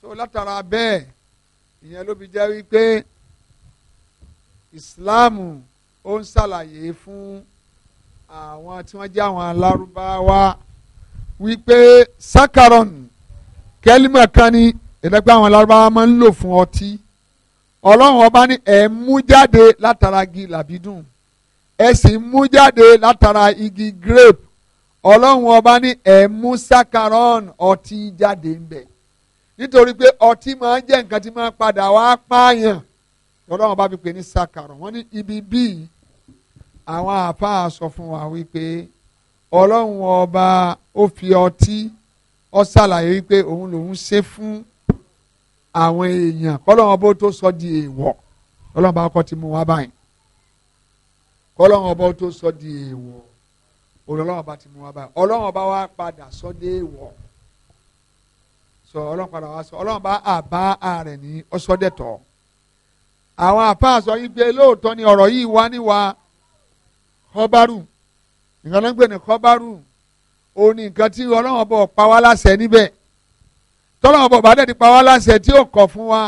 so látara bẹ́ẹ̀ ìyẹn ló fi jẹ́ wípé ìsìláàmù ó ń ṣàlàyé fún àwọn tí wọ́n jẹ́ àwọn alárúbáwá wípé sakaron kẹ́límà kan ní ìdẹ́gbẹ́ àwọn alárúbáwá máa ń lò fún ọtí ọlọ́run ọba ní ẹ̀ mú jáde látara igi làbídùn ẹ sì mú jáde látara igi grape ọlọ́run ọba ní ẹ̀mú sakaron ọtí jáde ń bẹ̀ nítorí pé ọtí máa jẹ́ nǹkan tí máa padà wá pààyàn ọlọ́run ọba fi pè ní sakaron wọ́n ní ibi bíi àwọn àáfàá sọ fún wa wípé ọlọ́run ọba ó fi ọtí ó ṣàlàyé wípé òun lòun ṣe fún àwọn èèyàn kọ́lọ́run ọba ó tó sọ di èèwọ̀ ọlọ́run ọba ọkọ ti mú wa báyìí kọ́lọ́run ọba ó tó sọ di èèwọ̀ olọ́lọ́wọ́ bá ti mú wa báyìí ọlọ́wọ́ bá wa padà sọ́dé wọ̀ sọ ọlọ́wọ́ padà wá sọ ọlọ́wọ́ bá a ààrẹ ní ọsọdẹ̀tọ̀ àwọn àpá sọ ipe lóòótọ́ ni ọ̀rọ̀ yìí wá níwá kọ́bárù nǹkan ló ń pè ní kọ́bárù ó ní nǹkan tí ọlọ́wọ́ bọ̀ pa wá láṣẹ níbẹ̀ tọ́lọ́wọ́ bọ̀ bá dẹ̀ ti pa wá láṣẹ tí ó kọ̀ fún wa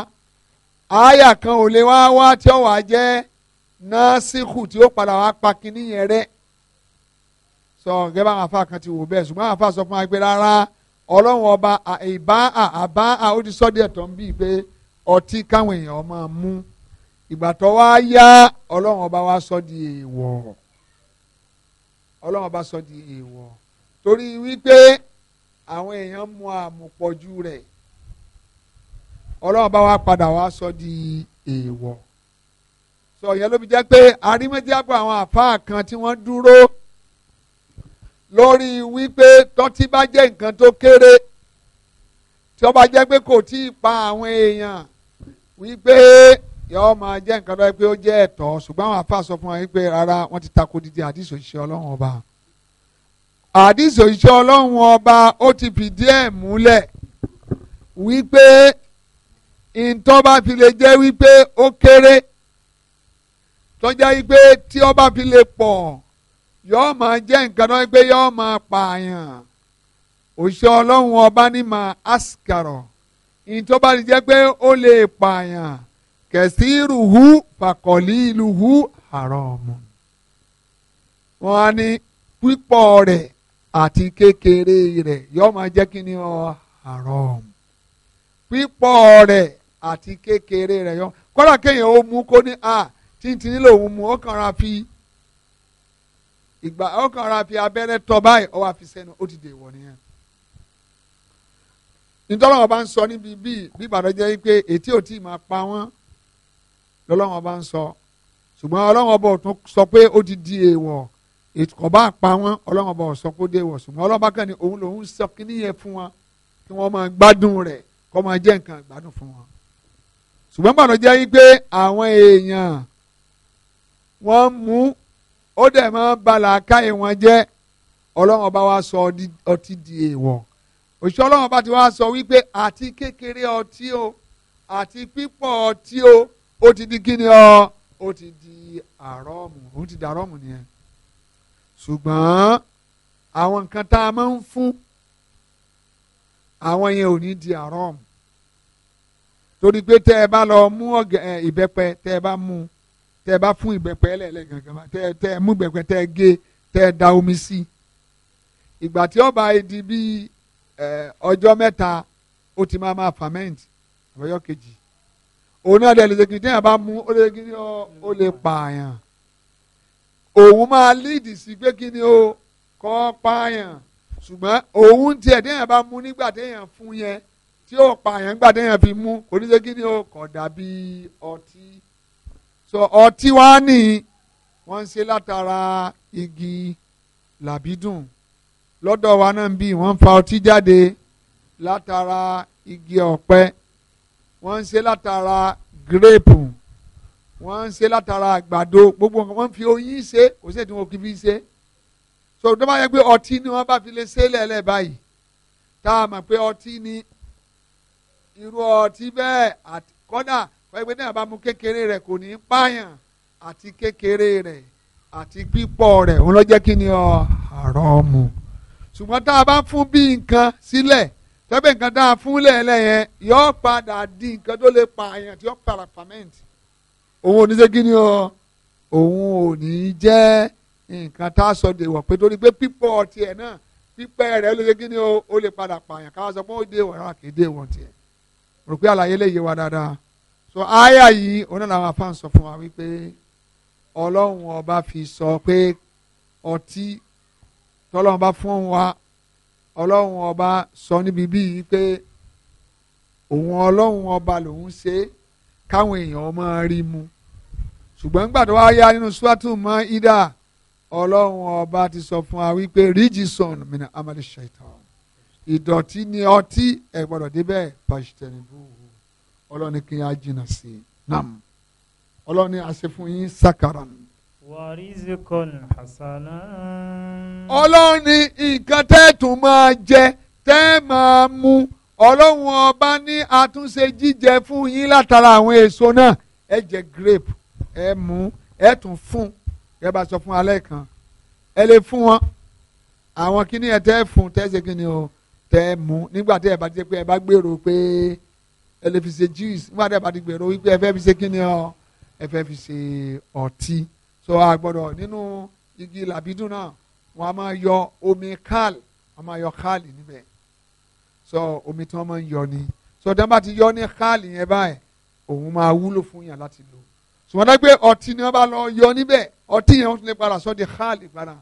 àáyà kan ò lè wá wá tí ó wàá jẹ́ násìkù tí ó padà wá pa kinní yẹn rẹ́ sọ gẹ́gẹ́ bá àwọn afa kan ti wò bẹ́ẹ̀ ṣùgbọ́n àwọn afa sọ fún wa pé rárá ọlọ́run ọba ìbá àbá ó ti sọ́ díẹ̀ tán bíi pé ọtí káwọn èèyàn máa mú ìgbà tó wá yá ọlọ́run ọba wa sọ di èèwọ̀ ọlọ́run ọba sọ di èèwọ̀ torí wípé àwọn èèyàn mu àmupọ̀jù rẹ̀ ọlọ́run ọba wa padà wá sọ di èèwọ̀ sọ yẹn ló fi jẹ́ pé arímọ́jábọ̀ àwọn àfáà kan tí wọ́n dúró lórí wípé tọ́tí bá jẹ́ nǹkan tó kéré tí ó bá jẹ́ pé kò tí ì pa àwọn èèyàn wípé yọọ máa jẹ́ nǹkan lọ́wọ́ pé ó jẹ́ ẹ̀tọ́ ṣùgbọ́n àwọn afa sọ fún wa wípé rárá wọ́n ti tako dídí àdìsọ ìṣẹ́ ọlọ́run ọba àdìsọ ìṣẹ́ ọlọ́run ọba ó ti fìdí ẹ̀ múlẹ̀ wípé ntọ́ bá fi lè jẹ́ wípé ó kéré tọ́já wípé tí ó fi lè pọ̀ yọ́ọ́ máa jẹ́ nǹkan náà pé yọ́ọ́ máa pààyàn òṣìṣẹ́ ọlọ́run ọba ní máa àṣìkàrọ̀ ìyìn tó bá ti jẹ́ pé ó lè pààyàn kẹ̀sí ìrùhú fàkọ̀lì ìlúhú haramu. wọ́n á ní pípọ̀ rẹ̀ àti kékeré rẹ̀ yọ́ọ́ máa jẹ́ kí ni ọ haramu. pípọ̀ rẹ̀ àti kékeré rẹ̀ yọ́ kọ́dà kéèyàn ó mú kó ní a tí n ti nílò òun mú ó kàn ra fi ìgbà ọkàn ara fi abẹ́rẹ́ tọ́ báyìí ọwọ́ àfi sẹ́nu ó ti dè wọ̀ nìyẹn. nítorí wọn bá ń sọ níbi bíi bí ìbàdàn jẹ́ pé ètí ò tí ì máa pa wọ́n lọ́lọ́wọ́n bá ń sọ ṣùgbọ́n ọlọ́wọ́n bọ̀ tún sọ pé ó ti di èèwọ̀ kò bá pa wọ́n ọlọ́wọ́n bọ̀ sọ pé ó di èèwọ̀ ṣùgbọ́n ọlọ́wọ́n bá kàn ní òun lòun sọ kíní yẹn fún wọn kí wọ́n máa gbádùn rẹ̀ kó máa jẹ́ nǹkan gbádùn fún wọn. ṣùgbọ́n ìbàdàn jẹ́ pé àwọn èèyàn wọ́n mú ó dẹ̀ máa ń balà káyè wọn jẹ́ ọlọ́run ọba wa sọ ọtí di èèwọ̀ òṣìṣẹ́ ọlọ́run ọba ti wá sọ wípé àti kékeré ọtí o àti pípọ̀ ọtí o ó ti di kíni ọ ó ti di àrọ́ọ̀mù ó ti di àrọ́ọ̀mù nìyẹn ṣùgbọ́n àwọn nǹkan tá a máa ń fún àwọn yẹn ò ní di àrọ́ọ̀mù torí pé tẹ́ ẹ bá lọ mú ìbẹ́pẹ tẹ́ ẹ bá mú un tẹ́ ẹ bá fún ìbẹ̀pẹ̀ lẹ́lẹ̀ gangan tẹ́ ẹ tẹ́ ẹ mú ìbẹ̀pẹ̀ tẹ́ ẹ gé tẹ́ ẹ da omi sí i ìgbà tí ó bá di bíi ọjọ́ mẹ́ta ó ti máa máa ferment ọjọ́ kejì òun náà dẹ̀ lè ṣe kí tẹ́yàn bá mú ó lè kí ni ó lè pààyàn òun máa lead sí pé kí ni ó kọ́ pààyàn ṣùgbọ́n òun tiẹ̀ tẹ́yàn bá mú nígbà tẹ́yàn fún yẹn tí ó pààyàn nígbà tẹ́yàn fi mú oníṣẹ́ kí ni ó kọ̀ dàbí ọtí so ọtí wá ní wọ́n ń ṣe látara igi làbídùn lọ́dọ̀ wa náà ń bí wọ́n ń fa ọtí jáde látara igi ọ̀pẹ wọ́n ń ṣe látara gírèpù wọ́n ń ṣe látara àgbàdo gbogbo nǹkan wọ́n fi oyin ṣe kò sí ètò wọn ṣe so tó bá yẹ pé ọtí ni wọ́n bá fi lè ṣe lẹ́lẹ̀ báyìí tá a mọ̀ pé ọtí ni irú ọtí bẹ́ẹ̀ kọ́dà fẹ́gbẹ́ náà bá mu kékeré rẹ̀ kò ní pààyàn àti kékeré rẹ̀ àti pípọ̀ rẹ̀ òun ló jẹ́ kí ni ọ àrọ́ọ̀mù ṣùgbọ́n tá a bá fún bí nǹkan sílẹ̀ fẹ́gbẹ́ nǹkan tá a fún lẹ́ẹ̀lẹ́ yẹn yọ padà di nǹkan tó lè pààyàn tí yọ padà pàmẹ́ǹtì òun ò ní jẹ́ kí ni ọ òun ò ní jẹ́ nǹkan tá a sọ de wọ̀ pé torí pé pípọ̀ tiẹ̀ náà pípẹ́ rẹ̀ ó lè ṣe kí ni ó lè padà pààyàn káwá sọ pé ó dé wọ̀ rárá kì í dé wọ̀ tiẹ̀ rò pé àlàyé lè yé wa dáadáa so aya yìí oní làwọn afáàn sọ fún wa wípé ọlọ́run ọba fi sọ pé ọtí tọ́lọ́run bá fún wa ọlọ́run ọba sọ níbi bíi pé òun ọlọ́run ọba lòun ṣe káwọn èèyàn máa rí mu ṣùgbọ́n nígbà tó wá yá nínú suwatu mọ́ ida ọlọ́run ọba ti sọ fún wa wípé rijison mina amadi shaitan ìdọ̀tí ni ọtí ẹ̀ gbọ́dọ̀ débẹ̀ pàṣẹ tẹ̀lé bùrù ọlọ́ni kí yẹn á jìnnà sí i nam ọlọ́ni àṣefún yín sakaran. wàrísìkọ́n hasana. ọlọ́ni nǹkan tẹ́ tún máa jẹ tẹ́ máa mu ọlọ́run ọba ní àtúnṣe jíjẹ fún yín látara àwọn èso náà ẹ jẹ grape ẹ mú ẹ tún fún ẹ bá sọ fún alẹ́ kan ẹ lè fún wọn àwọn kíní ẹ tẹ́ fún tẹ́ ṣe kíni o tẹ́ mú nígbà tí ẹ bá ti pé ẹ bá gbèrò pé ẹ lè fi ṣe juice nígbà tí ẹ bá ti gbèrò wípé ẹ fẹ́ fi ṣe kíni ọ ẹ fi ṣe ọtí so a gbọ́dọ̀ nínú igi làbídùn náà wọ́n a máa yọ omi kál wọ́n máa yọ kálì níbẹ̀ so omi tí wọ́n máa ń yọ ni so dáná bá ti yọ ní kálì yẹn báyìí òun máa wúlò fún yàn láti lò ṣùgbọ́n dágbé ọtí ni wọ́n bá lọ yọ níbẹ̀ ọtí yẹn wọ́n tún lè padà sọ di kálì padà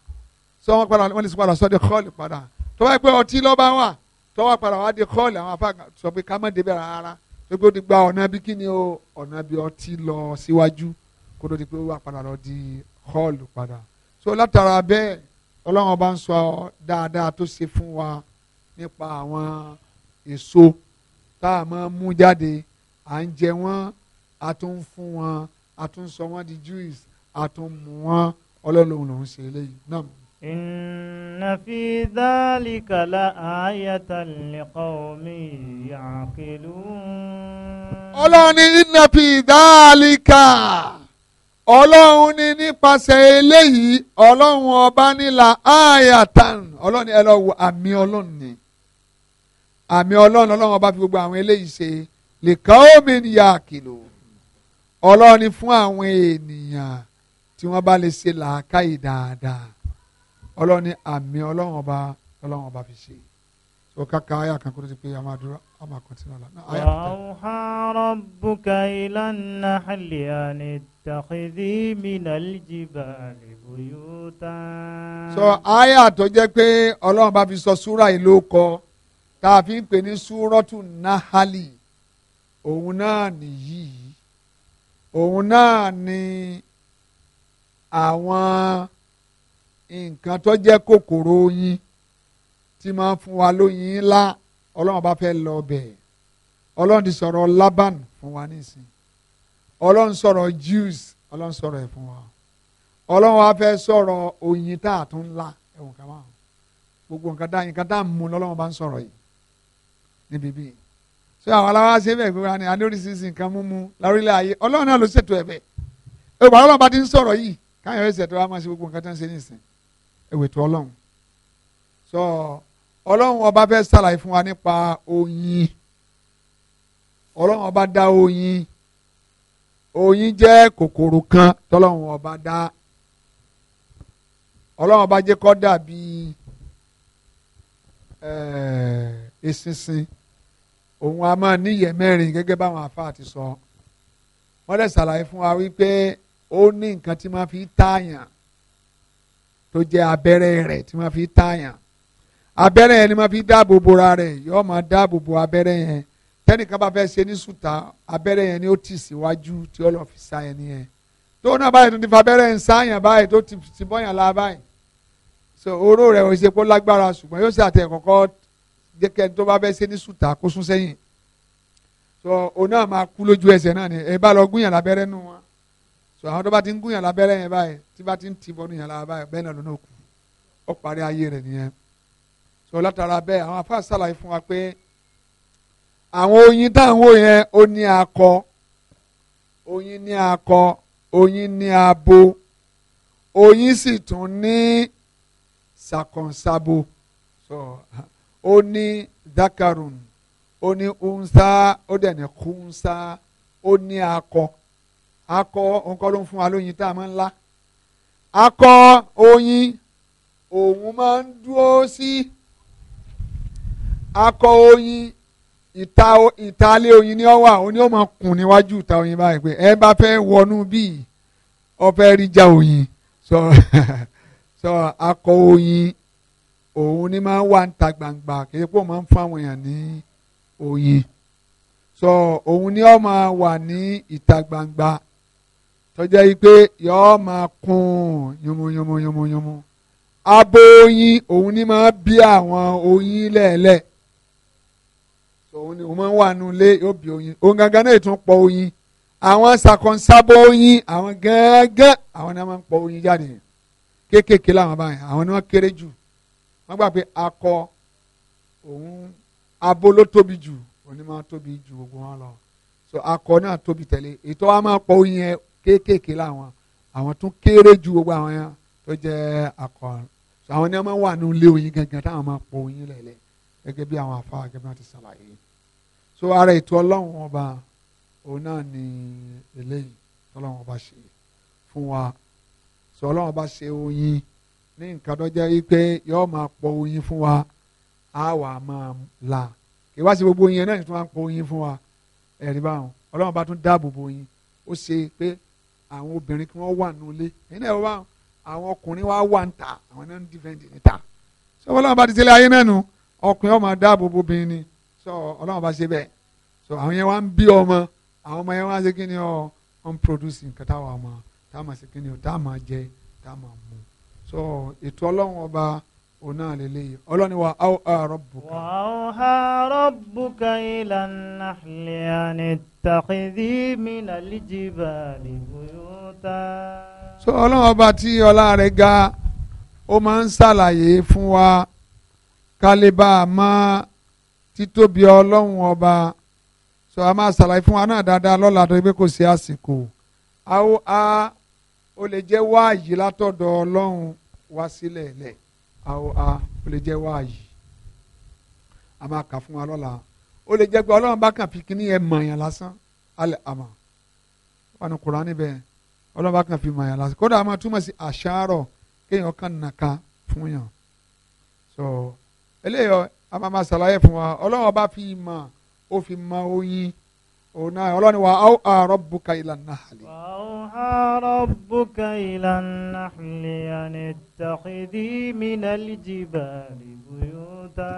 so wọ́n padà wọ́n lè padà sọ di kọ́ọ̀lì padà tọ́wọ́ pé ọtí lọ́ba wà tọ́wọ́ padà wà di kọ́ọ̀lì àwọn afá sọ pé ká má débẹ̀ rárá gbogbo ti gba ọ̀nà bí kíni o ọ̀nà bí ọtí lọ síwájú kó tó di pé wà padà lọ di họ́ọ̀lù padà so látara bẹ́ẹ̀ ọlọ́run ọba ń sọ dáadáa tó ṣe fún wa nípa àwọn èso tá a máa mú jáde à ń jẹ wọ́n a tún fún wọn a tún sọ wọ́n di juice a tún mú wọn ọlọ́run lòun ṣe eléyìí náà. إِنَّ فِي ذَلِكَ لَآيَةً لِقَوْمٍ يَعْقِلُونَ ọlọ́run ní fi dáálíkà ọlọ́run ní nípasẹ̀ eléyìí ọlọ́run ọba nílà áyàtàn ọlọ́run ní àmì ọlọ́run ni àmì ọlọ́run ọlọ́run ọba fi gbogbo àwọn eléyìí ṣe lìkan omi ni yà kìlò fún àwọn ènìyàn tí wọ́n bá lè ṣe làákàyè dáadáa ọlọ́run ní àmì ọlọ́run ọba ọlọ́run ọba fi ṣe so kaka aya kan kúrò ti pé a máa dúró a máa kọ́ntínú ọ̀la. wàhálà rabbuka ìlànà àlìyàní tàkìdí minal jibali buyuta. so tó jẹ́ pé ọlọ́run bá fi sọ súra yìí ló kọ tá a fi ń pè ní súrọ́tù nahali òun náà nìyí òun náà ni àwọn. Ni nǹkan tó jẹ́ kòkòrò oyin tí máa ń fún wa lóyin ńlá ọlọ́run bá fẹ́ lọ bẹ̀ ọlọ́run ti sọ̀rọ̀ laban fún wa nísìn ọlọ́run sọ̀rọ̀ jews ọlọ́run sọ̀rọ̀ ẹ̀ fún wa ọlọ́run wa fẹ́ sọ̀rọ̀ oyin tá a tún la ẹ̀wọ̀n kan gbogbo nǹkan tá nǹkan tá mú lọ́lọ́run bá ń sọ̀rọ̀ yìí níbi bíi so àwọn aláwa ṣe bẹ́ẹ̀ gbogbo àná àní oríṣiríṣi nǹkan múmu lárílẹ̀ ayé ọlọ́run náà ló ṣètò ẹ̀ bẹ́ẹ̀ ẹ̀wọ̀n ọlọ́run bá ti ń sọ̀rọ̀ yìí káyọ̀ ẹ̀ṣẹ̀ tó wá máa ṣe gbogbo nǹkan tó ń ṣe nísìnyí ètò ọlọ́run sọ ọlọ́run ọba fẹ́ sàlàyé fún wa nípa oyin ọlọ́run ọba dá oyin oyin jẹ́ kòkòrò kan tọ́lọ́run ọba dá ọlọ́run ọba jẹ́ kó dàbí eh, eṣinṣin òun a máa níyẹ mẹ́rin gẹ́gẹ́ báwọn àfáà ti sọ wọ́n lè sàlàyé fún wa wípé ó ní nǹkan tí máa fi tààyàn. tó jẹ́ abẹ́rẹ́ rẹ̀ tí wọ́n fi táyàn abẹ́rẹ́ yẹn ni wọ́n fi dáàbò bora rẹ̀ yóò máa dáàbò bo abẹ́rẹ́ yẹn tẹ́nìkan bá fẹ́ ṣe ní sùtà abẹ́rẹ́ yẹn ni ó tì síwájú tí ó lọ́ọ́ fi sá yẹn nìyẹn tó náà báyìí tó ti fa abẹ́rẹ́ yẹn sáyàn báyìí tó ti ti bọ́yàn la báyìí so oró rẹ̀ ò ṣe kó lágbára ṣùgbọ́n yóò ṣe àtẹ̀ kọ̀kọ́ jẹ́kẹ́ tó bá fẹ́ ṣe ní sùtà kó sún sẹ́yìn so òun náà máa kú lójú ẹsẹ̀ náà ni ẹ bá lọ gúnyàn lábẹ́rẹ́ nù wọn so àwọn tó bá ti ń gún yàn lábẹ́rẹ́ yẹn báyìí tí bá ti ń tì bọ́nu yàn lára báyìí bẹ́ẹ̀ náà lọ́nà ó parí ayé rẹ̀ nìyẹn so látara bẹ́ẹ̀ àwọn afáà sàlàyé fún wa pé àwọn oyin táwọn yẹn ó ní akọ oyin ní akọ oyin ní abo oyin sì tún ní sàkànsabo so ó ní dakarun ó ní unsa ó dẹ̀ ní kunsa ó ní akọ akọ òǹkọ ló ń fún wa lóyin tá a máa ń lá akọ oyin òun máa ń dúró sí akọ oyin ìta ìtàlẹ̀ oyin ni ọ wà ó ní ó máa kùn níwájú ìta oyin báyìí pé ẹ bá fẹ́ wọnú bíi ọ rí já oyin sọ sọ akọ oyin òun ni máa ń wà níta gbangba kí epo máa ń fáwọn èèyàn ní oyin sọ òun ni ọ máa wà ní ìta gbangba tọ́jà yìí pé yọ́ọ́ máa kún yomoyomoyomoyomo abo oyin òun ni máa bí àwọn oyin lẹ́ẹ̀lẹ́ òun ni òun máa ń wà nù lé yóò bí oyin òun gangan náà tún pọ̀ oyin àwọn ṣàkóńsábọ̀ oyin àwọn gángan àwọn náà máa ń pọ̀ oyin jáde kéékèèké làwọn báyìí àwọn ni wọ́n kéré jù wọ́n gbà pé akọ òun abo ló tóbi jù òun ni máa tóbi jù gbogbo wọn lọ so akọ náà tóbi tẹ̀lé ètò wa máa pọ̀ oyin yẹn kéékèèké làwọn àwọn tún kéré ju gbogbo àwọn yẹn tó jẹ́ akọrin àwọn ní ọmọ wà ní ilé oyin gangan táwọn máa po oyin lẹ̀lẹ̀ gẹ́gẹ́ bí àwọn afáwà gẹ́gẹ́ bí wọ́n ti ṣàlàyé so ara ètò ọlọ́run ọba òun náà ni eléyìí tọ́lọ́run ọba ṣe fún wa sọ ọlọ́run ọba ṣe oyin ní nǹkan tó jẹ́ wípé yọ́ọ́ máa po oyin fún wa á wà máa la kì í wá sí gbogbo oyin náà tó máa po oyin fún wa ẹ̀rí báwọn ọlọ́run ọba tún dáàbò bo oyin ó ṣe pé àwọn obìnrin kí wọ́n wà nulẹ̀ ẹ̀yin náà wà àwọn ọkùnrin wa wà ń ta àwọn náà ń dìfẹ́ǹdì níta sọ ọlọ́run bá ti ṣe lé ayé náà nù ọkùnrin ọmọ dáàbò bo obìnrin ni sọ ọlọ́run bá ṣe bẹ́ẹ̀ sọ àwọn yẹn wá ń bí ọmọ àwọn ọmọ yẹn wá ń ṣe kí ni ọ ń produce nǹkan táwọn ọmọ táwọn ṣe kí ni ọ táwọn jẹ táwọn mú sọ ètò ọlọ́run ọba ona leleyi ọlọ́ni wa aw ha rabbuka. wa aw ha rabbuka ila nahli ani takidi mina lijibali buyuta. so ọlọ́run ọba tí ọlá rẹ̀ ga ó máa ń ṣàlàyé fún wa kálíbà má títóbi ọlọ́run ọba so a máa ṣàlàyé fún wa náà dáadáa lọ́la tó gbé kò sí àsìkò aw ha ó lè jẹ́ wáàyí látọ̀dọ̀ ọlọ́run wá sílẹ̀ lẹ̀ àwọn a ó lè jẹ́ wáàyí a máa kà fún wa lọ́la ó lè jẹ́ pé ọlọ́run bá kàn fi kíní yẹn mọ̀ọ́yàn lásán alẹ́ àmọ́ wọn ni kuran níbẹ̀ ọlọ́run bá kàn fi mọ̀ọ́yàn lásán kódà a máa túmọ̀ sí àṣàrọ̀ kéèyàn kàn nàka fún yàn so eléyọ a máa máa ṣàlàyé fún wa ọlọ́run bá fi mọ̀ ó fi mọ oyin òun náà ọlọ́ni wa aw àárọ̀ buka ilà nàhàlì. wa aw àárọ̀ buka ilà nàhàlì àni tàkìdí mìnàlì jìbà rìbùyọ́tà.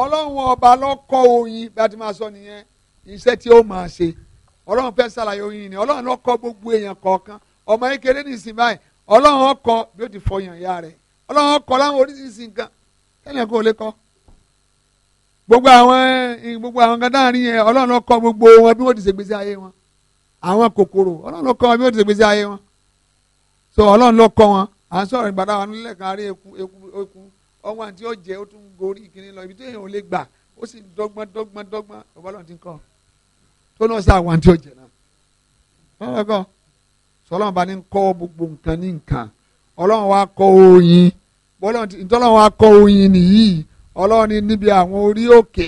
ọlọ́run ọba lọ́kọ́ oyin bí a ti máa sọ nìyẹn iṣẹ́ tí ó máa ṣe ọlọ́run fẹ́ ṣàlàyé oyin ni ọlọ́run lọ́kọ́ gbogbo èèyàn kọ̀ọ̀kan ọmọ kékeré ní ìsìn báyìí ọlọ́run ọkọ bí ó ti fọyàn ya rẹ̀ ọlọ́run ọkọ láwọn oríṣiríṣi nǹkan tẹ́lẹ̀ kó o lè kọ́ gbogbo àwọn gbogbo àwọn kan dáhàrin yẹn ọlọ́run gbogbo wọn bí wọ́n ti ayé wọn àwọn kòkòrò ọlọ́run ló kọ wọn bí wọ́n ti ṣe wọn nílẹ̀ kan rí eku eku eku ọmọ àti ó tún gorí ìkíni lọ ibi tó yẹn ò lè gbà ó sì dọ́gbọ́n dọ́gbọ́n dọ́gbọ́n ti ń kọ́ tó náà ọlọ́run ní níbi àwọn orí òkè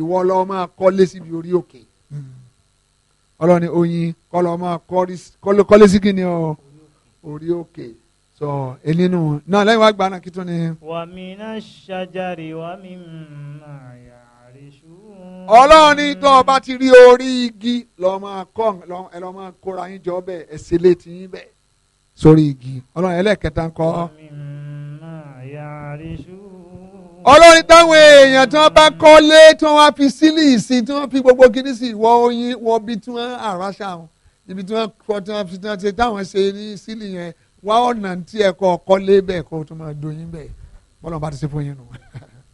ìwọ lọ máa kọ́lé síbi orí òkè ọlọ́run ní oyin kọ́lọ́ máa kọ́lé sí kíni o orí òkè sọ elinu náà lẹ́yìn wá gbaná kí tún ni. wàmí náà ṣàjàre wàmí máa yà ọlọ́run ní tó o bá ti rí orí igi lọ́ọ́ máa kọ́ ẹ lọ́ọ́ máa kóra yín jọ bẹ́ẹ̀ ẹ ṣe létí yín bẹ́ẹ̀ sórí igi ọlọ́run ẹlẹ́ẹ̀kẹta ń kọ́ ọlọ́run táwọn èèyàn tí wọ́n bá kọ́lé tí wọ́n fi sílì sí tí wọ́n fi gbogbo kiri sí wọ oyin wọ bí tí wọ́n àràṣà wọn ibi tí wọ́n kọ́ tí wọ́n fi tí wọ́n ṣe táwọn ṣe ní sílì yẹn wá ọ̀nà tí ẹ kọ́ kọ́lé bẹ́ẹ̀ kọ́ tó máa doyin bẹ́ẹ̀ bọ́lá bá ti ṣe fún yín nù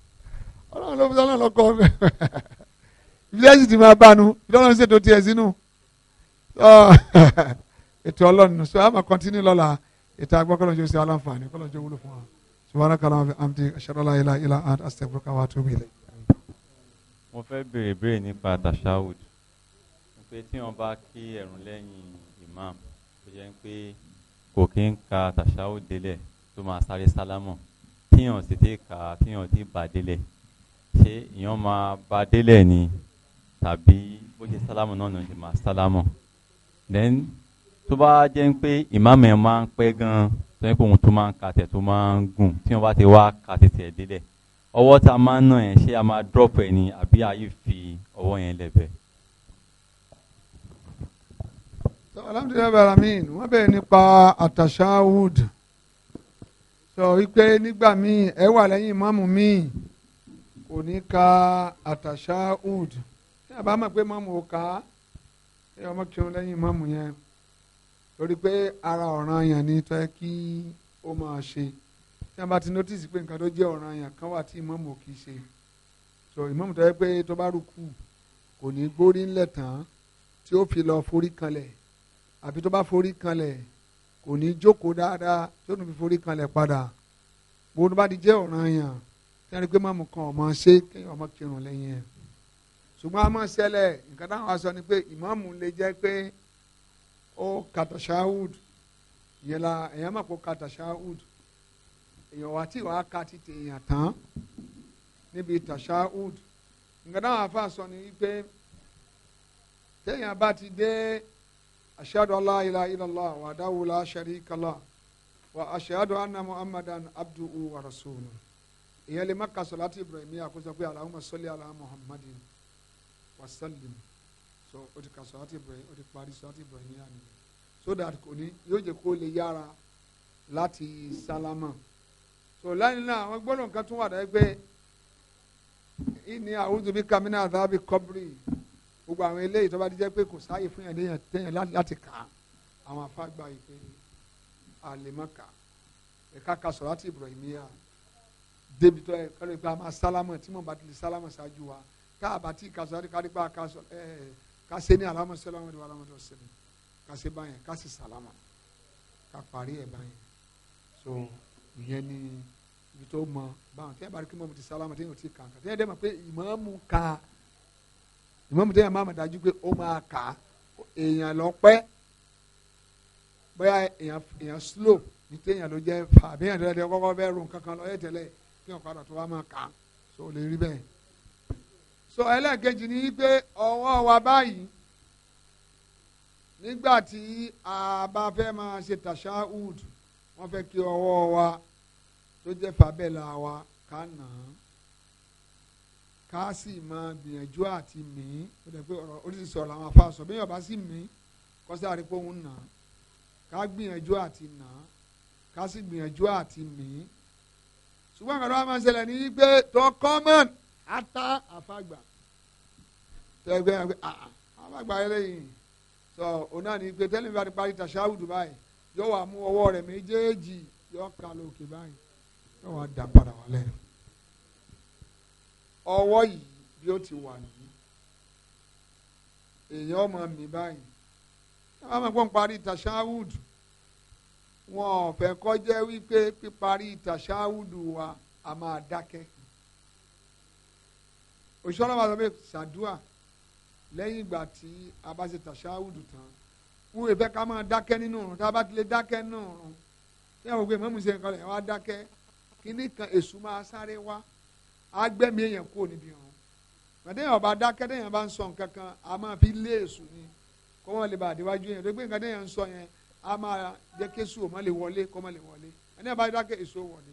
ọlọ́run ló fi sọ́nà lọ́kọ́ bẹ́ẹ̀ ibi tí ti máa bánu ibi ọlọ́run ṣètò tiẹ̀ sínú ètò ọlọ́run sọ subhanaka allahumma amdi ashhadu ila ila ilaha illa anta astaghfiruka wa atubu ilayk. mo fẹ́ béèrè béèrè nípa tashahud pé tí wọ́n bá kí ẹ̀rùn lẹ́yìn imam tó jẹ́ pé kò kí ń ka tashahud délẹ̀ tó máa sáré sálámọ̀ tíyàn sì ti kà á tíyàn ti bà délẹ̀ ṣé ìyàn máa bà délẹ̀ ni tàbí bó ṣe sálámọ̀ náà ló máa sálámọ̀ then tó bá jẹ́ pé imam ẹ̀ máa ń pẹ́ gan-an tó yẹ pé òun tó máa ń ka tẹ̀ tó máa ń gùn tí wọ́n bá ti wá ka tẹ̀tẹ̀ délẹ̀ ọwọ́ tá a máa ń nà yẹn ṣé a máa drop ẹ̀ ni àbí ayé fi ọwọ́ yẹn lẹ́bẹ̀ẹ́. so alhamdulilayi alamin wọ́n bẹ̀rẹ̀ nípa atashahud sọ wípé nígbà míì ẹ wà lẹ́yìn mọ́mù míì kò ní ka atashahud tí a bá mọ̀ pé mọ́mù ò ká ẹ ọmọ kírun mọ́mù yẹn torí pé ara ọ̀ràn yẹn ni tó yẹ kí ó máa ṣe tí wọ́n bá ti notice pé nǹkan tó jẹ́ ọ̀ràn yẹn kan wà tí ìmáàmù ò kì í ṣe so ìmáàmù tó yẹ pé tó bá rúkú kò ní gbórí ńlẹ̀ tán tí ó fi lọ forí kanlẹ̀ àbí tó bá forí kanlẹ̀ kò ní jókòó dáadáa tí ó tún fi forí kanlẹ̀ padà bó ló bá ti jẹ́ ọ̀ràn yẹn tí wọ́n rí pé máàmù kan ọmọ ṣe kéèyàn ọmọ kírun lẹ́yìn ó katashahud yẹn la èèyàn máa kó katashahud èèyàn wá tí wàá ka ti tèèyàn tán níbi tashahud nǹkan táwọn afa sọ ni wípé téèyàn bá ti dé ashadu allah ilaha illallah wa dahu la sharika lah wa ashadu anna muhammadan abduhu wa rasuluhu ìyẹn lè má ka salati ibrahimiya kó sọ pé allahumma salli ala muhammadin wa sallim so o ti ka sọlátì Ibrahim o ti parí sọlátì Ibrahim ní àná so that kò ní yóò jẹ kó lè yára láti sálámà so lẹ́yìn náà àwọn gbọ́dọ̀ nǹkan tún wà dáyé pé ìní àwùjọ bí kamínà àdábì kọ́bírì gbogbo àwọn eléyìí tó bá ti jẹ́ pé kò sáàyè fún yàn léyàn tẹ́yàn láti kà á àwọn afágbá yìí pé àlèmọ́kà ẹ̀ka ka sọlátì Ibrahimiyya débi tó ẹ̀ kọ́lé pé a máa sálámà tí mo bá ti lè sálámà ṣáájú wa tá a bá ti kárí pé a kà sọ ẹ̀ẹ́ ká ni ní alámọ̀sálàmù ní alámọ̀dé ọ̀sẹ̀lẹ̀ ká ṣe báyẹn ká sì sàlámà ká parí ẹ̀ báyẹn so ìyẹn ni ibi tó mọ báwọn tí ẹ bá rí kí mọ́mù ti sàlámà tí yẹn ò ti kà kà tí yẹn dẹ́ mọ̀ ka ìmáàmù tí yẹn máa mọ̀ dájú pé ó máa èèyàn lọ pẹ́ bóyá èèyàn èèyàn slow ní téèyàn ló jẹ́ fà bí èèyàn tẹ́lẹ̀ kọ́kọ́ bẹ́ẹ̀ rò nǹkan kan lọ ẹ̀ tẹ́lẹ̀ kí ọ̀kadà tó wá máa kà so ó lè rí bẹ́ẹ̀ so ẹlẹ́ẹ̀kejì ni pé ọwọ́ wa báyìí nígbà tí a bá fẹ́ máa ṣe tashahud wọ́n fẹ́ kí ọwọ́ wa tó jẹ́ fàbẹ́là wa ká nà án ká sì máa gbìyànjú àti mí ó dẹ̀ pé ọ̀rọ̀ oríṣiríṣi ọ̀rọ̀ àwọn afá sọ bí yọ̀bá sì mí kọ́sí àrípò òun nà án ká gbìyànjú àti nà án ká sì gbìyànjú àti mí ṣùgbọ́n àgbàdo wa máa ń ṣẹlẹ̀ ní pé tó kọ́mọ̀nù ata àfàgbà tẹgbẹ ah, ah, àfàgbà eléyìí sọ òun náà ní pé tẹ́lẹ̀ bá ti parí tàṣáwùdù báyìí yóò wá mú ọwọ́ rẹ̀ méjèèjì yóò ka lókè báyìí yóò wá dà padà wálé ọwọ́ yìí bí ó ti wà nìyí èèyàn ọmọ mi báyìí táwọn ọmọ ẹ̀gbọ́n parí tàṣáwùdù wọn ò fẹ́ kọjá wípé píparí tàṣáwùdù wa a máa dákẹ́ òṣìṣẹ́ ọlọ́wà sọ pé ṣàdúà lẹ́yìn ìgbà tí a bá ṣe tàṣáwùdù tán wọ́n èèfẹ́ ká máa dákẹ́ nínú ọ̀run tá a bá ti lè dákẹ́ nínú ọ̀run tí àwọn ògbé mọ́mú ṣe nǹkan lẹ̀ wá dákẹ́ kíní kan èṣù máa sáré wá á gbẹ́mí èèyàn kúrò níbi ọ̀run gbàdéyàn ọba dákẹ́ déyàn bá ń sọ nǹkan kan a máa fi lé èṣù ni kó wọ́n lè bá àdéwájú yẹn tó gbé nǹkan déyàn ń sọ yẹn a máa jẹ́ kéṣù ò má lè wọlé kó má lè wọlé ẹni àbá dákẹ́ èṣù ò wọlé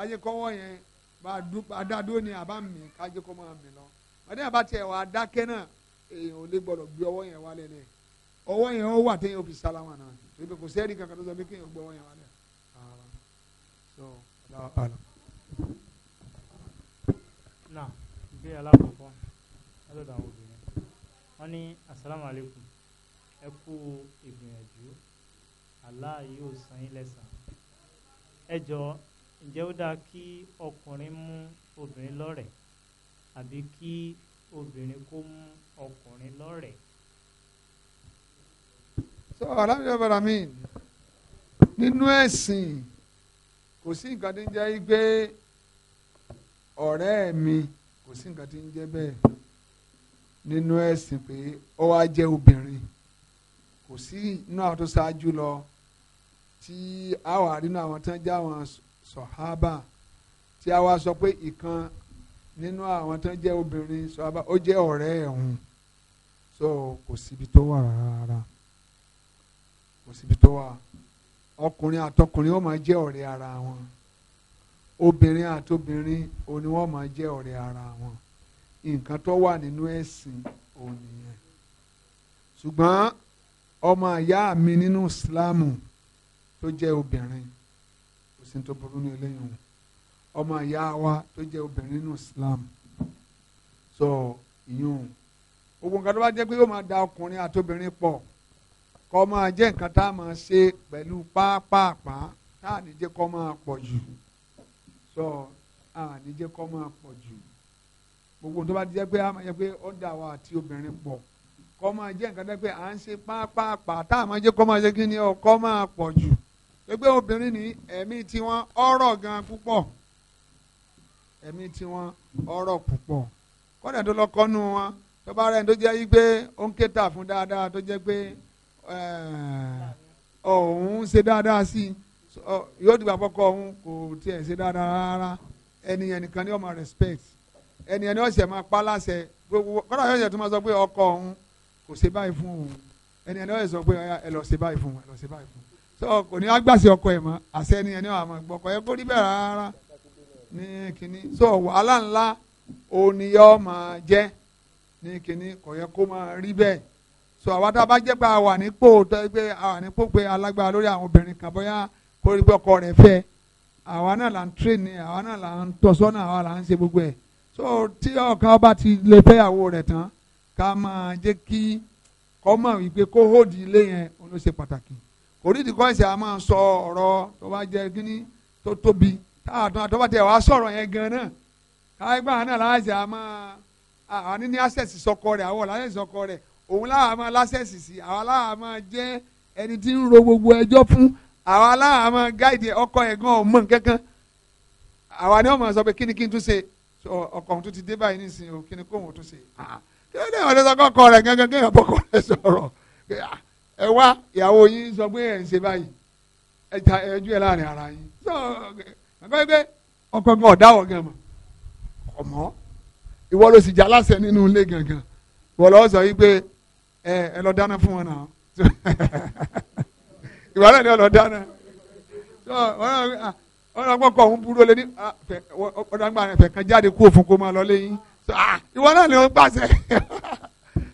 ẹ̀rọ adádúró ni àbá mi kájé kó máa mi lọ ọdún yàrá tiẹ̀ wà á dákẹ́ náà èèyàn ò lè gbọ́dọ̀ gbé ọwọ́ yẹn wálẹ̀ lẹ̀ ọwọ́ yẹn ó wà téèyàn fi sálámà náà ebi kò sẹ́ẹ̀rì kankan tó sọ pé kéèyàn gbọ́ ọwọ́ yẹn wálẹ̀ náà ìbéèrè alákọ̀ọ́kọ́ lọ́dọ̀ àwọn obìnrin wọ́n ní asalaamu ẹ kú ìgbìyànjú Allah yóò san yín lẹ́san ẹ jọ ǹjẹ́ ó dáa kí ọkùnrin mú obìnrin lọ́rẹ̀ẹ́ àbí kí obìnrin kó mú ọkùnrin lọ́rẹ̀ẹ́. sọ alábìyẹ bàrà mi nínú ẹ̀sìn kò sí nǹkan tí ń jẹ́ pé ọ̀rẹ́ mi kò sí nǹkan tí ń jẹ́ bẹ́ẹ̀ nínú ẹ̀sìn pé ó wá jẹ́ obìnrin kò sí inú àwọn tó ṣáájú lọ tí a wà nínú àwọn tán já wọn sọ̀hábà tí a wá sọ pé ìkan nínú àwọn tó ń jẹ́ obìnrin sọ̀hábà ó jẹ́ ọ̀rẹ́ ẹ̀hún so kò síbi tó wà rárá kò síbi tó wà ọkùnrin àtọkùnrin ó máa jẹ́ ọ̀rẹ́ ara wọn obìnrin àtobìnrin òní wọ́n máa jẹ́ ọ̀rẹ́ ara wọn nǹkan tó wà nínú ẹ̀sìn òní ṣùgbọ́n ọmọ ìyá mi nínú Islam tó jẹ́ obìnrin sí tó burú ní eléyìí wọn ọmọ ìyá wa tó jẹ́ obìnrin nínú Islam sọ ìyún gbogbo nǹkan tó bá jẹ́ pé yóò máa da ọkùnrin àtobìnrin pọ̀ kọ́ máa jẹ́ nǹkan tá a máa ṣe pẹ̀lú pápápá tá à ní jẹ́ kọ́ máa pọ̀ jù sọ à ní jẹ́ kọ́ máa pọ̀ jù gbogbo tó bá jẹ́ pé a máa jẹ́ pé ó dà wá àti obìnrin pọ̀ kọ́ máa jẹ́ nǹkan tó pé à ń ṣe pápápá tá à máa jẹ́ kọ́ máa ṣe kí ni ọ kọ́ máa pọ̀ jù pé obìnrin ní ẹ̀mí tiwọn ọ̀rọ̀ gan púpọ̀ ẹ̀mí tiwọn ọ̀rọ̀ púpọ̀ kọ́dà tó lọ́kọ́ nu wọn tó bá rẹ̀ tó jẹ́ yí pé ó ń kéta fún dáadáa tó jẹ́ pé òun ṣe dáadáa sí yóò dìgbà pọ́kọ́ òun kò tiẹ̀ ṣe dáadáa rárá ẹni ẹnìkan ni ó máa respect ẹni ẹni ọ̀sẹ̀ máa pa láṣẹ gbogbo kọ́dà yóò ṣẹ̀ tó máa sọ pé ọkọ òun kò ṣe báyìí fún òun ẹni ẹni ọ̀sẹ̀ sọ pé ẹ lọ ṣe báyìí fún ẹ lọ ṣe báyìí fún tó kò ní agbàsí ọkọ ẹ̀ mọ́ àṣẹ ẹni ẹni wàá mọ́ gbọ́kọ ẹ kó rí bẹ́ẹ̀ rárá ní kínní so wàhálà ńlá oníyọ́ máa jẹ́ ní kínní kò yẹ kó máa rí bẹ́ẹ̀ so àwa tá a bá jẹ́ pé a wà nípò tó pé a wà nípò pé alágbára lórí àwọn obìnrin kan bóyá kó rí pé ọkọ rẹ̀ fẹ́ àwa náà là ń train ni àwa náà là ń tọ́sọ́nà àwa là ń ṣe gbogbo ẹ̀ so tí ọ̀kan ọba ti lè fẹ́yàwó rẹ̀ tán ká máa jẹ́ kí kọ́ mọ̀ wípé kó hóòdì ilé yẹn ó ló ṣe pàtàkì orídìí kọ́ọ̀sì a máa sọ ọ̀rọ̀ tó bá jẹ́ kíní tó tóbi táwọn àtọ́wọ́ tẹ wàá sọ̀rọ̀ yẹn gan náà káyọ̀gbọ́n àná láàṣẹ a máa àwọn níní access sọkọ rẹ̀ àwọn láṣẹ sọkọ rẹ̀ òun láwa máa láṣẹ̀sì sí àwa láwa máa jẹ́ ẹni tí ń ro gbogbo ẹjọ́ fún àwa láwa máa gáìdì ọkọ ẹ̀ gan ọmọ kankan àwa ni wọ́n máa sọ pé kíni kí n tún ṣe ọkọ tún ti dé báyìí nísìnyí o kíni kóun tún ṣe ah, kí ló dé ìwọ́n tó sọ kọ́kọ́ rẹ̀ gangan kéèyàn bọ́kọ rẹ̀ sọ̀rọ̀ ah, ẹ wá ìyàwó yín sọ pé ẹ̀ ń ṣe báyìí ẹ ta ẹjú ẹ láàrin ara yín sọ àgbẹ̀ pé ọkọ gan ọ̀dáwọ̀ gan mọ̀ ọ̀mọ́ ìwọ ló sì já láṣẹ nínú ilé gangan ìwọ lọ́wọ́ sọ yìí pé ẹ ẹ lọ dáná fún wọn náà ìwọ náà ni ọ lọ dáná ọ̀nà àgbọ̀kọ̀ ọ̀hún burú lé ní ọ̀nà àgbà rẹ̀ fẹ̀kan jáde kú òfin kó máa lọ léyìn ìwọ náà ni ó ń ah, ah, ah, pàṣẹ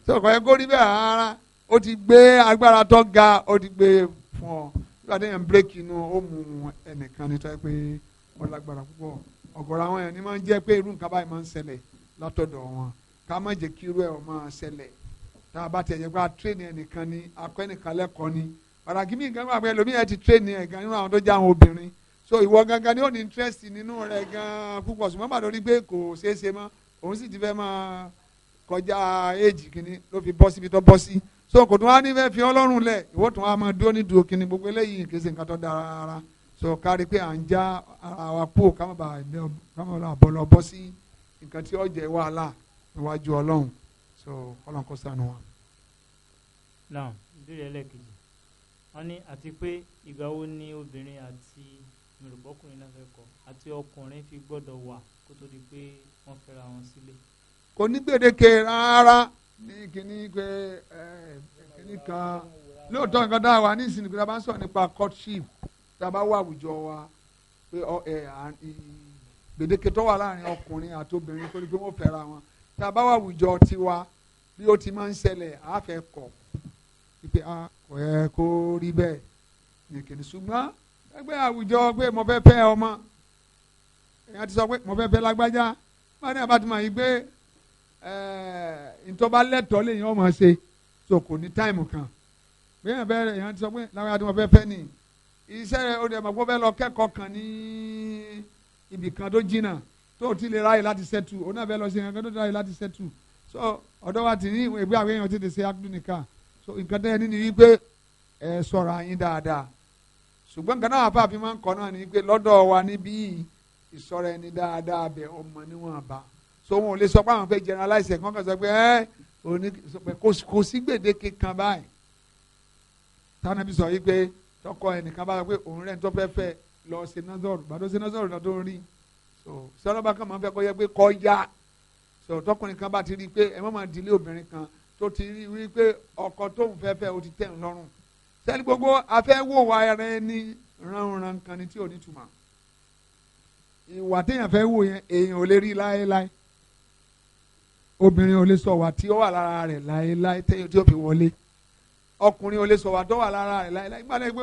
ṣọkọ ẹ kó rí bẹ́ẹ̀ rárá ó ti gbé agbára tó ga ó ti gbé fún ọ nígbà téèyàn bírèkì inú ó mú ẹnìkan nítorí pé wọ́n lágbára púpọ̀ ọ̀gọ̀rọ̀ àwọn èèyàn máa ń jẹ́ pé irú nǹkan báyìí máa ń ṣẹlẹ̀ látọ̀dọ̀ wọn ká má jẹ́ kí irú ẹ̀ ọ máa ṣẹlẹ̀ tá a bá tiẹ̀ pé a ẹnìkan ni akọ ẹnìkan lẹ́kọ̀ọ́ ni pàtàkì míì gan wà pé ẹ̀ gan so kò tún wá ní fẹ́ẹ́ fi ọlọ́run lẹ̀ ìwọ tún wá máa dúró ní dúró kíni gbogbo eléyìí kì í ṣe nǹkan tó dára rárá so kárí pé à ń já ara wa kú ká má bàa bọ́ bọ́ sí nǹkan tí ó jẹ́ wàhálà níwájú ọlọ́run so ọlọ́run kò sànù wa. now ìbéèrè ẹlẹ́kejì wọ́n ní àti pé ìgbà wo ni obìnrin àti mìrùbọ́kùnrin náà fẹ́ kọ àti ọkùnrin fi gbọ́dọ̀ wà kó tó di pé wọ́n fẹ́ra wọn sílé. kò ní gbèdéke rárá ní kíní pé kíní kan lóòótọ́ nǹkan dáa wà ní ìsìn ìgbéra bá ń sọ̀rọ̀ nípa courtship tá a bá wà àwùjọ wa pé gbèdéke tó wà láàrin ọkùnrin àti obìnrin tó ní pé wọ́n fẹ́ra wọn tá a bá wà àwùjọ tiwa bí ó ti máa ń ṣẹlẹ̀ á fẹ́ kọ̀ pé a kò yẹ kó rí bẹ́ẹ̀ ní kíní ṣùgbọ́n ẹgbẹ́ àwùjọ pé mo fẹ́ fẹ́ ọmọ èèyàn ti sọ pé mo fẹ́ fẹ́ lágbájá báyìí àbátúmọ̀ yìí pé Eh, ntọ́ba lẹ́tọ̀ọ́ lè yàn ọmọ ṣe so kò ní táìmù kan bẹ́ẹ̀ bẹ́ẹ̀ ti sọ pé láwọn adé wọn fẹ́ fẹ́ iṣẹ́ rẹ̀ mọ̀ pé ó fẹ́ lọ kẹ́kọ̀ọ́ kan ní ibì kan tó jìnnà tó ti lè ráyè láti ṣẹ́tù ó náà fẹ́ lọ ṣe nǹkan tó ti ráyè láti ṣẹ́tù so ọ̀dọ́ wa ti ní ìwé àwọn èèyàn ti lè ṣe akudu nìkan so nǹkan ní ni wípé ẹ sọ̀rọ̀ àyín dáadáa ṣùgbọ́n máa ń kọ́ náà ni wípé lọ́dọ̀ wa níbí ìsọ̀rọ̀ ẹni dáadáa bẹ̀ ọmọ níwọ̀n so wọn ò lè sọ pé àwọn fẹ́ generalize ẹ̀ kàn kàn sọ pé ẹ́ òní kò sí gbèdéke kan báyìí tànàbí sọ yìí pé tọkọ ẹnìkan bá sọ pé òun rẹ̀ ń tọ́ fẹ́ lọ ṣe nọ́sọ̀rù gbàdó ṣe nọ́sọ̀rù náà tó ń rí so sọlọ́ba kan máa ń fẹ́ kọ́ yẹ pé kọ́ ya so tọkùnrin kan bá ti rí i pé ẹ má máa dìlé obìnrin kan tó ti rí i pé ọkọ tóun fẹ́ fẹ́ o ti tẹ̀ ń lọ́rùn sẹ́ni gbogbo afẹ́ wò wá ara ẹni ránranran kan ni tí ò ní tùmọ̀ ìwà téèyàn fẹ́ wò yẹn èèyàn ò lè rí láéláé obìnrin ò lè sọ wà tí ó wà lára rẹ̀ láéláé tẹ́yọ̀ tí ó fi wọlé ọkùnrin ò lè sọ wà tó wà lára rẹ̀ láéláé gbọ́dọ̀ pé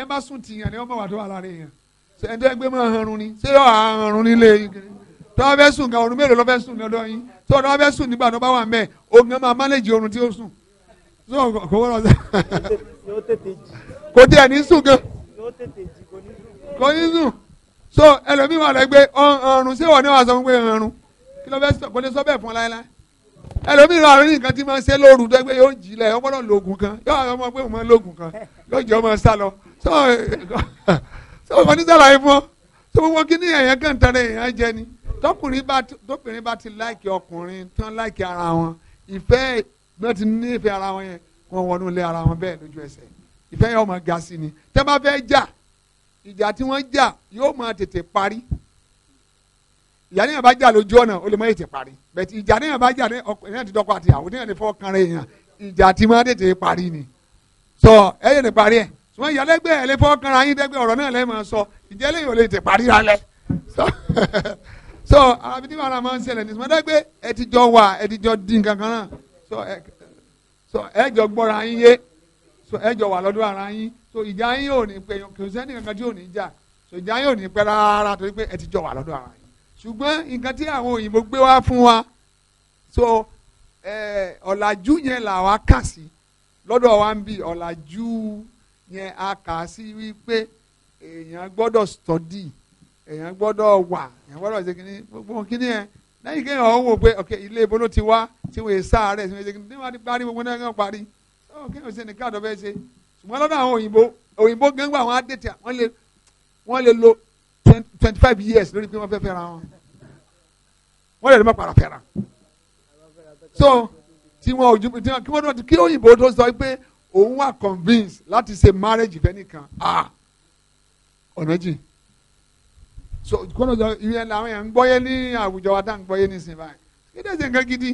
ẹ bá sùn tìyàn ni wọ́n mọ̀ wà tó wà lára èèyàn ẹni tó ẹgbẹ́ máa ni ṣé yóò hanrun nílé tọ́wọ́ fẹ́ sùn gan orun mélòó ló fẹ́ sùn lọ́dọ̀ yín tó tọ́wọ́ fẹ́ sùn nígbà tó bá wà ń bẹ̀ ogun máa mánéjì orun tí ó sùn so kò wọ́n lọ sí. kò tiẹ̀ ní sùn gan kò ní sùn so ẹlòmíràn rẹ̀ gbé ọ̀run ṣé wọ́n ní wàá sọ fún pé ọ̀run kí ló fẹ́ sọ kò lè sọ bẹ́ẹ̀ fún ọ láéláé ẹlòmíì náà àárín nǹkan tí máa ń ṣe lóru tó ẹgbẹ́ yóò jí lẹ̀ ọ gbọ́dọ̀ lóògùn kan yóò àwọn ọmọ pé òun máa lóògùn kan yóò jẹ́ ọmọ sá lọ sọ wọn ní sàlàyé fún ọ tó gbogbo kíní èèyàn kàn tán èèyàn jẹ ni tọkùnrin bá tókùnrin bá ti láìkì ọkùnrin tán láìkì ara wọn ìfẹ́ náà ti nífẹ̀ẹ́ ara wọn yẹn wọn wọnú lé ara wọn bẹ́ẹ̀ lójú ẹsẹ̀ ìfẹ́ yẹn ó máa ga sí ni tẹ́ bá fẹ́ jà ìjà tí wọ́n jà yóò máa tètè parí ìyá níyàn bá jà lójú ọ̀nà ó lè mọ ètè parí bẹ́ẹ̀ tí ìjà níyàn bá jà níyàn ti dọ́kọ àti ìyàwó níyàn ti fọ́ kanra èèyàn ìjà ti máa tètè parí ni sọ ẹ yẹn lè parí ẹ sọ ìyálẹ́gbẹ́ ẹ lè fọ́ kanra yín dẹ́gbẹ́ ọ̀rọ̀ náà lẹ́ máa sọ ìjẹ́ lè yóò lè tè parí lálẹ́ sọ àbí tí wàhálà máa ń ṣẹlẹ̀ ní sọmọdẹ́gbẹ́ ẹ ti jọ wà ẹ ti jọ dín kankan náà so ẹjọ wà lọ́dún ara so ìjà yín ò ní pẹ́ kò so ìjà yín ò ní pẹ́ rárá torí pé ẹ ṣùgbọ́n nǹkan tí àwọn òyìnbó gbé wá fún wa so ọ̀làjú yẹn là wá kà sí lọ́dọ̀ wa ń bì ọ̀làjú yẹn a kà sí wípé èèyàn gbọ́dọ̀ study èèyàn gbọ́dọ̀ wà èèyàn gbọ́dọ̀ ṣe kínní gbogbo kínní yẹn lẹ́yìn kéèyàn ó wò pé ok ilé ibo ló ti wá tí wọ́n sáré tí wọ́n ṣe kínní níwájú parí gbogbo náà kàn parí kéèyàn ṣe nìkan àdọ́ fẹ́ ṣe ṣùgbọ́n lọ́dọ̀ àwọn òyìnbó òyìnbó gẹ́gbà wọn á dètè wọ́n lè lo twenty five years lórí pé wọ́n fẹ́ fẹ́ ra wọn wọ́n lè ní máa para fẹ́ra so tí wọn ò jùmọ̀ tí wọn kí wọ́n tó kí òyìnbó tó sọ pé òun wà convince láti ṣe marriage fẹ́ nìkan ah ọ̀nà jìn so kọ́nà sọ ìyẹn làwọn yẹn ń gbọ́yé ní àwùjọ wa dáhùn gbọ́yé ní ìsìn báyìí kí ló ṣe nǹkan gidi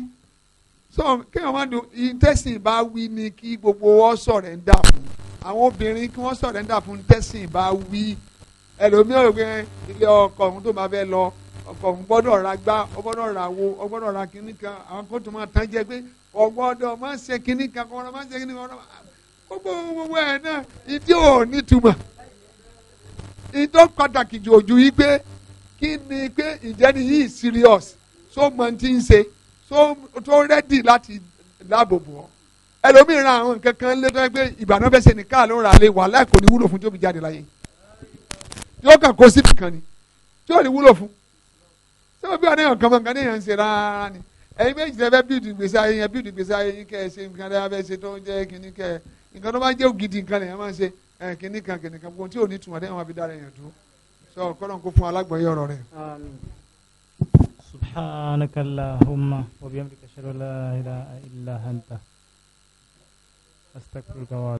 so kéèyàn máa dùn ìtẹ̀sìn bá wí ni kí gbogbo wọn sọ̀rọ̀ ń dà fún àwọn obìnrin kí wọ́n sọ̀rọ̀ ń dà fún ìtẹ̀sìn bá wí ẹlòmíràn rẹ ilé ọkọ òun tó máa fẹ́ lọ ọkọ̀ gbọ́dọ̀ ra gbá ọgbọ́dọ̀ ra wo ọgbọ́dọ̀ ra kan àwọn kó tó máa tán jẹ pé má ṣe kínní kan ma má ṣe kínní kan gbogbo gbogbo ẹ̀ náà ìdí ò ní pàtàkì yìí pé kí ni pé yìí serious so mọ ti ń ṣe so ready láti ẹlòmíràn àwọn nǹkan kan pé ìbànú ló ra lé wàhálà kò ní wúlò fún tóbi jáde láyé yóò kàn kó síbì kan ni tí ò ní wúlò fún sẹ́wọ́n bí wọn ní ọ̀kan nǹkan ní yẹn ń ṣe rárá ni ẹ̀yin méjì tẹ́ fẹ́ bíìdì gbèsè ayé yẹn bíìdì gbèsè ayé yín kẹ́ ẹ ṣe nǹkan dáa fẹ́ ṣe tó ń jẹ́ kínní kẹ́ ẹ nǹkan tó bá jẹ́ ògidì nǹkan lèyàn kan kínní kan kò tí ò ní tùmọ̀ dẹ́yìn wọn fi dára yẹn dùn sọ kọ́nà kó fún alágbọ̀nyé ọ̀rọ̀ rẹ̀. subhanaka wa bihamdika ashhadu ilaha illa anta astaghfiruka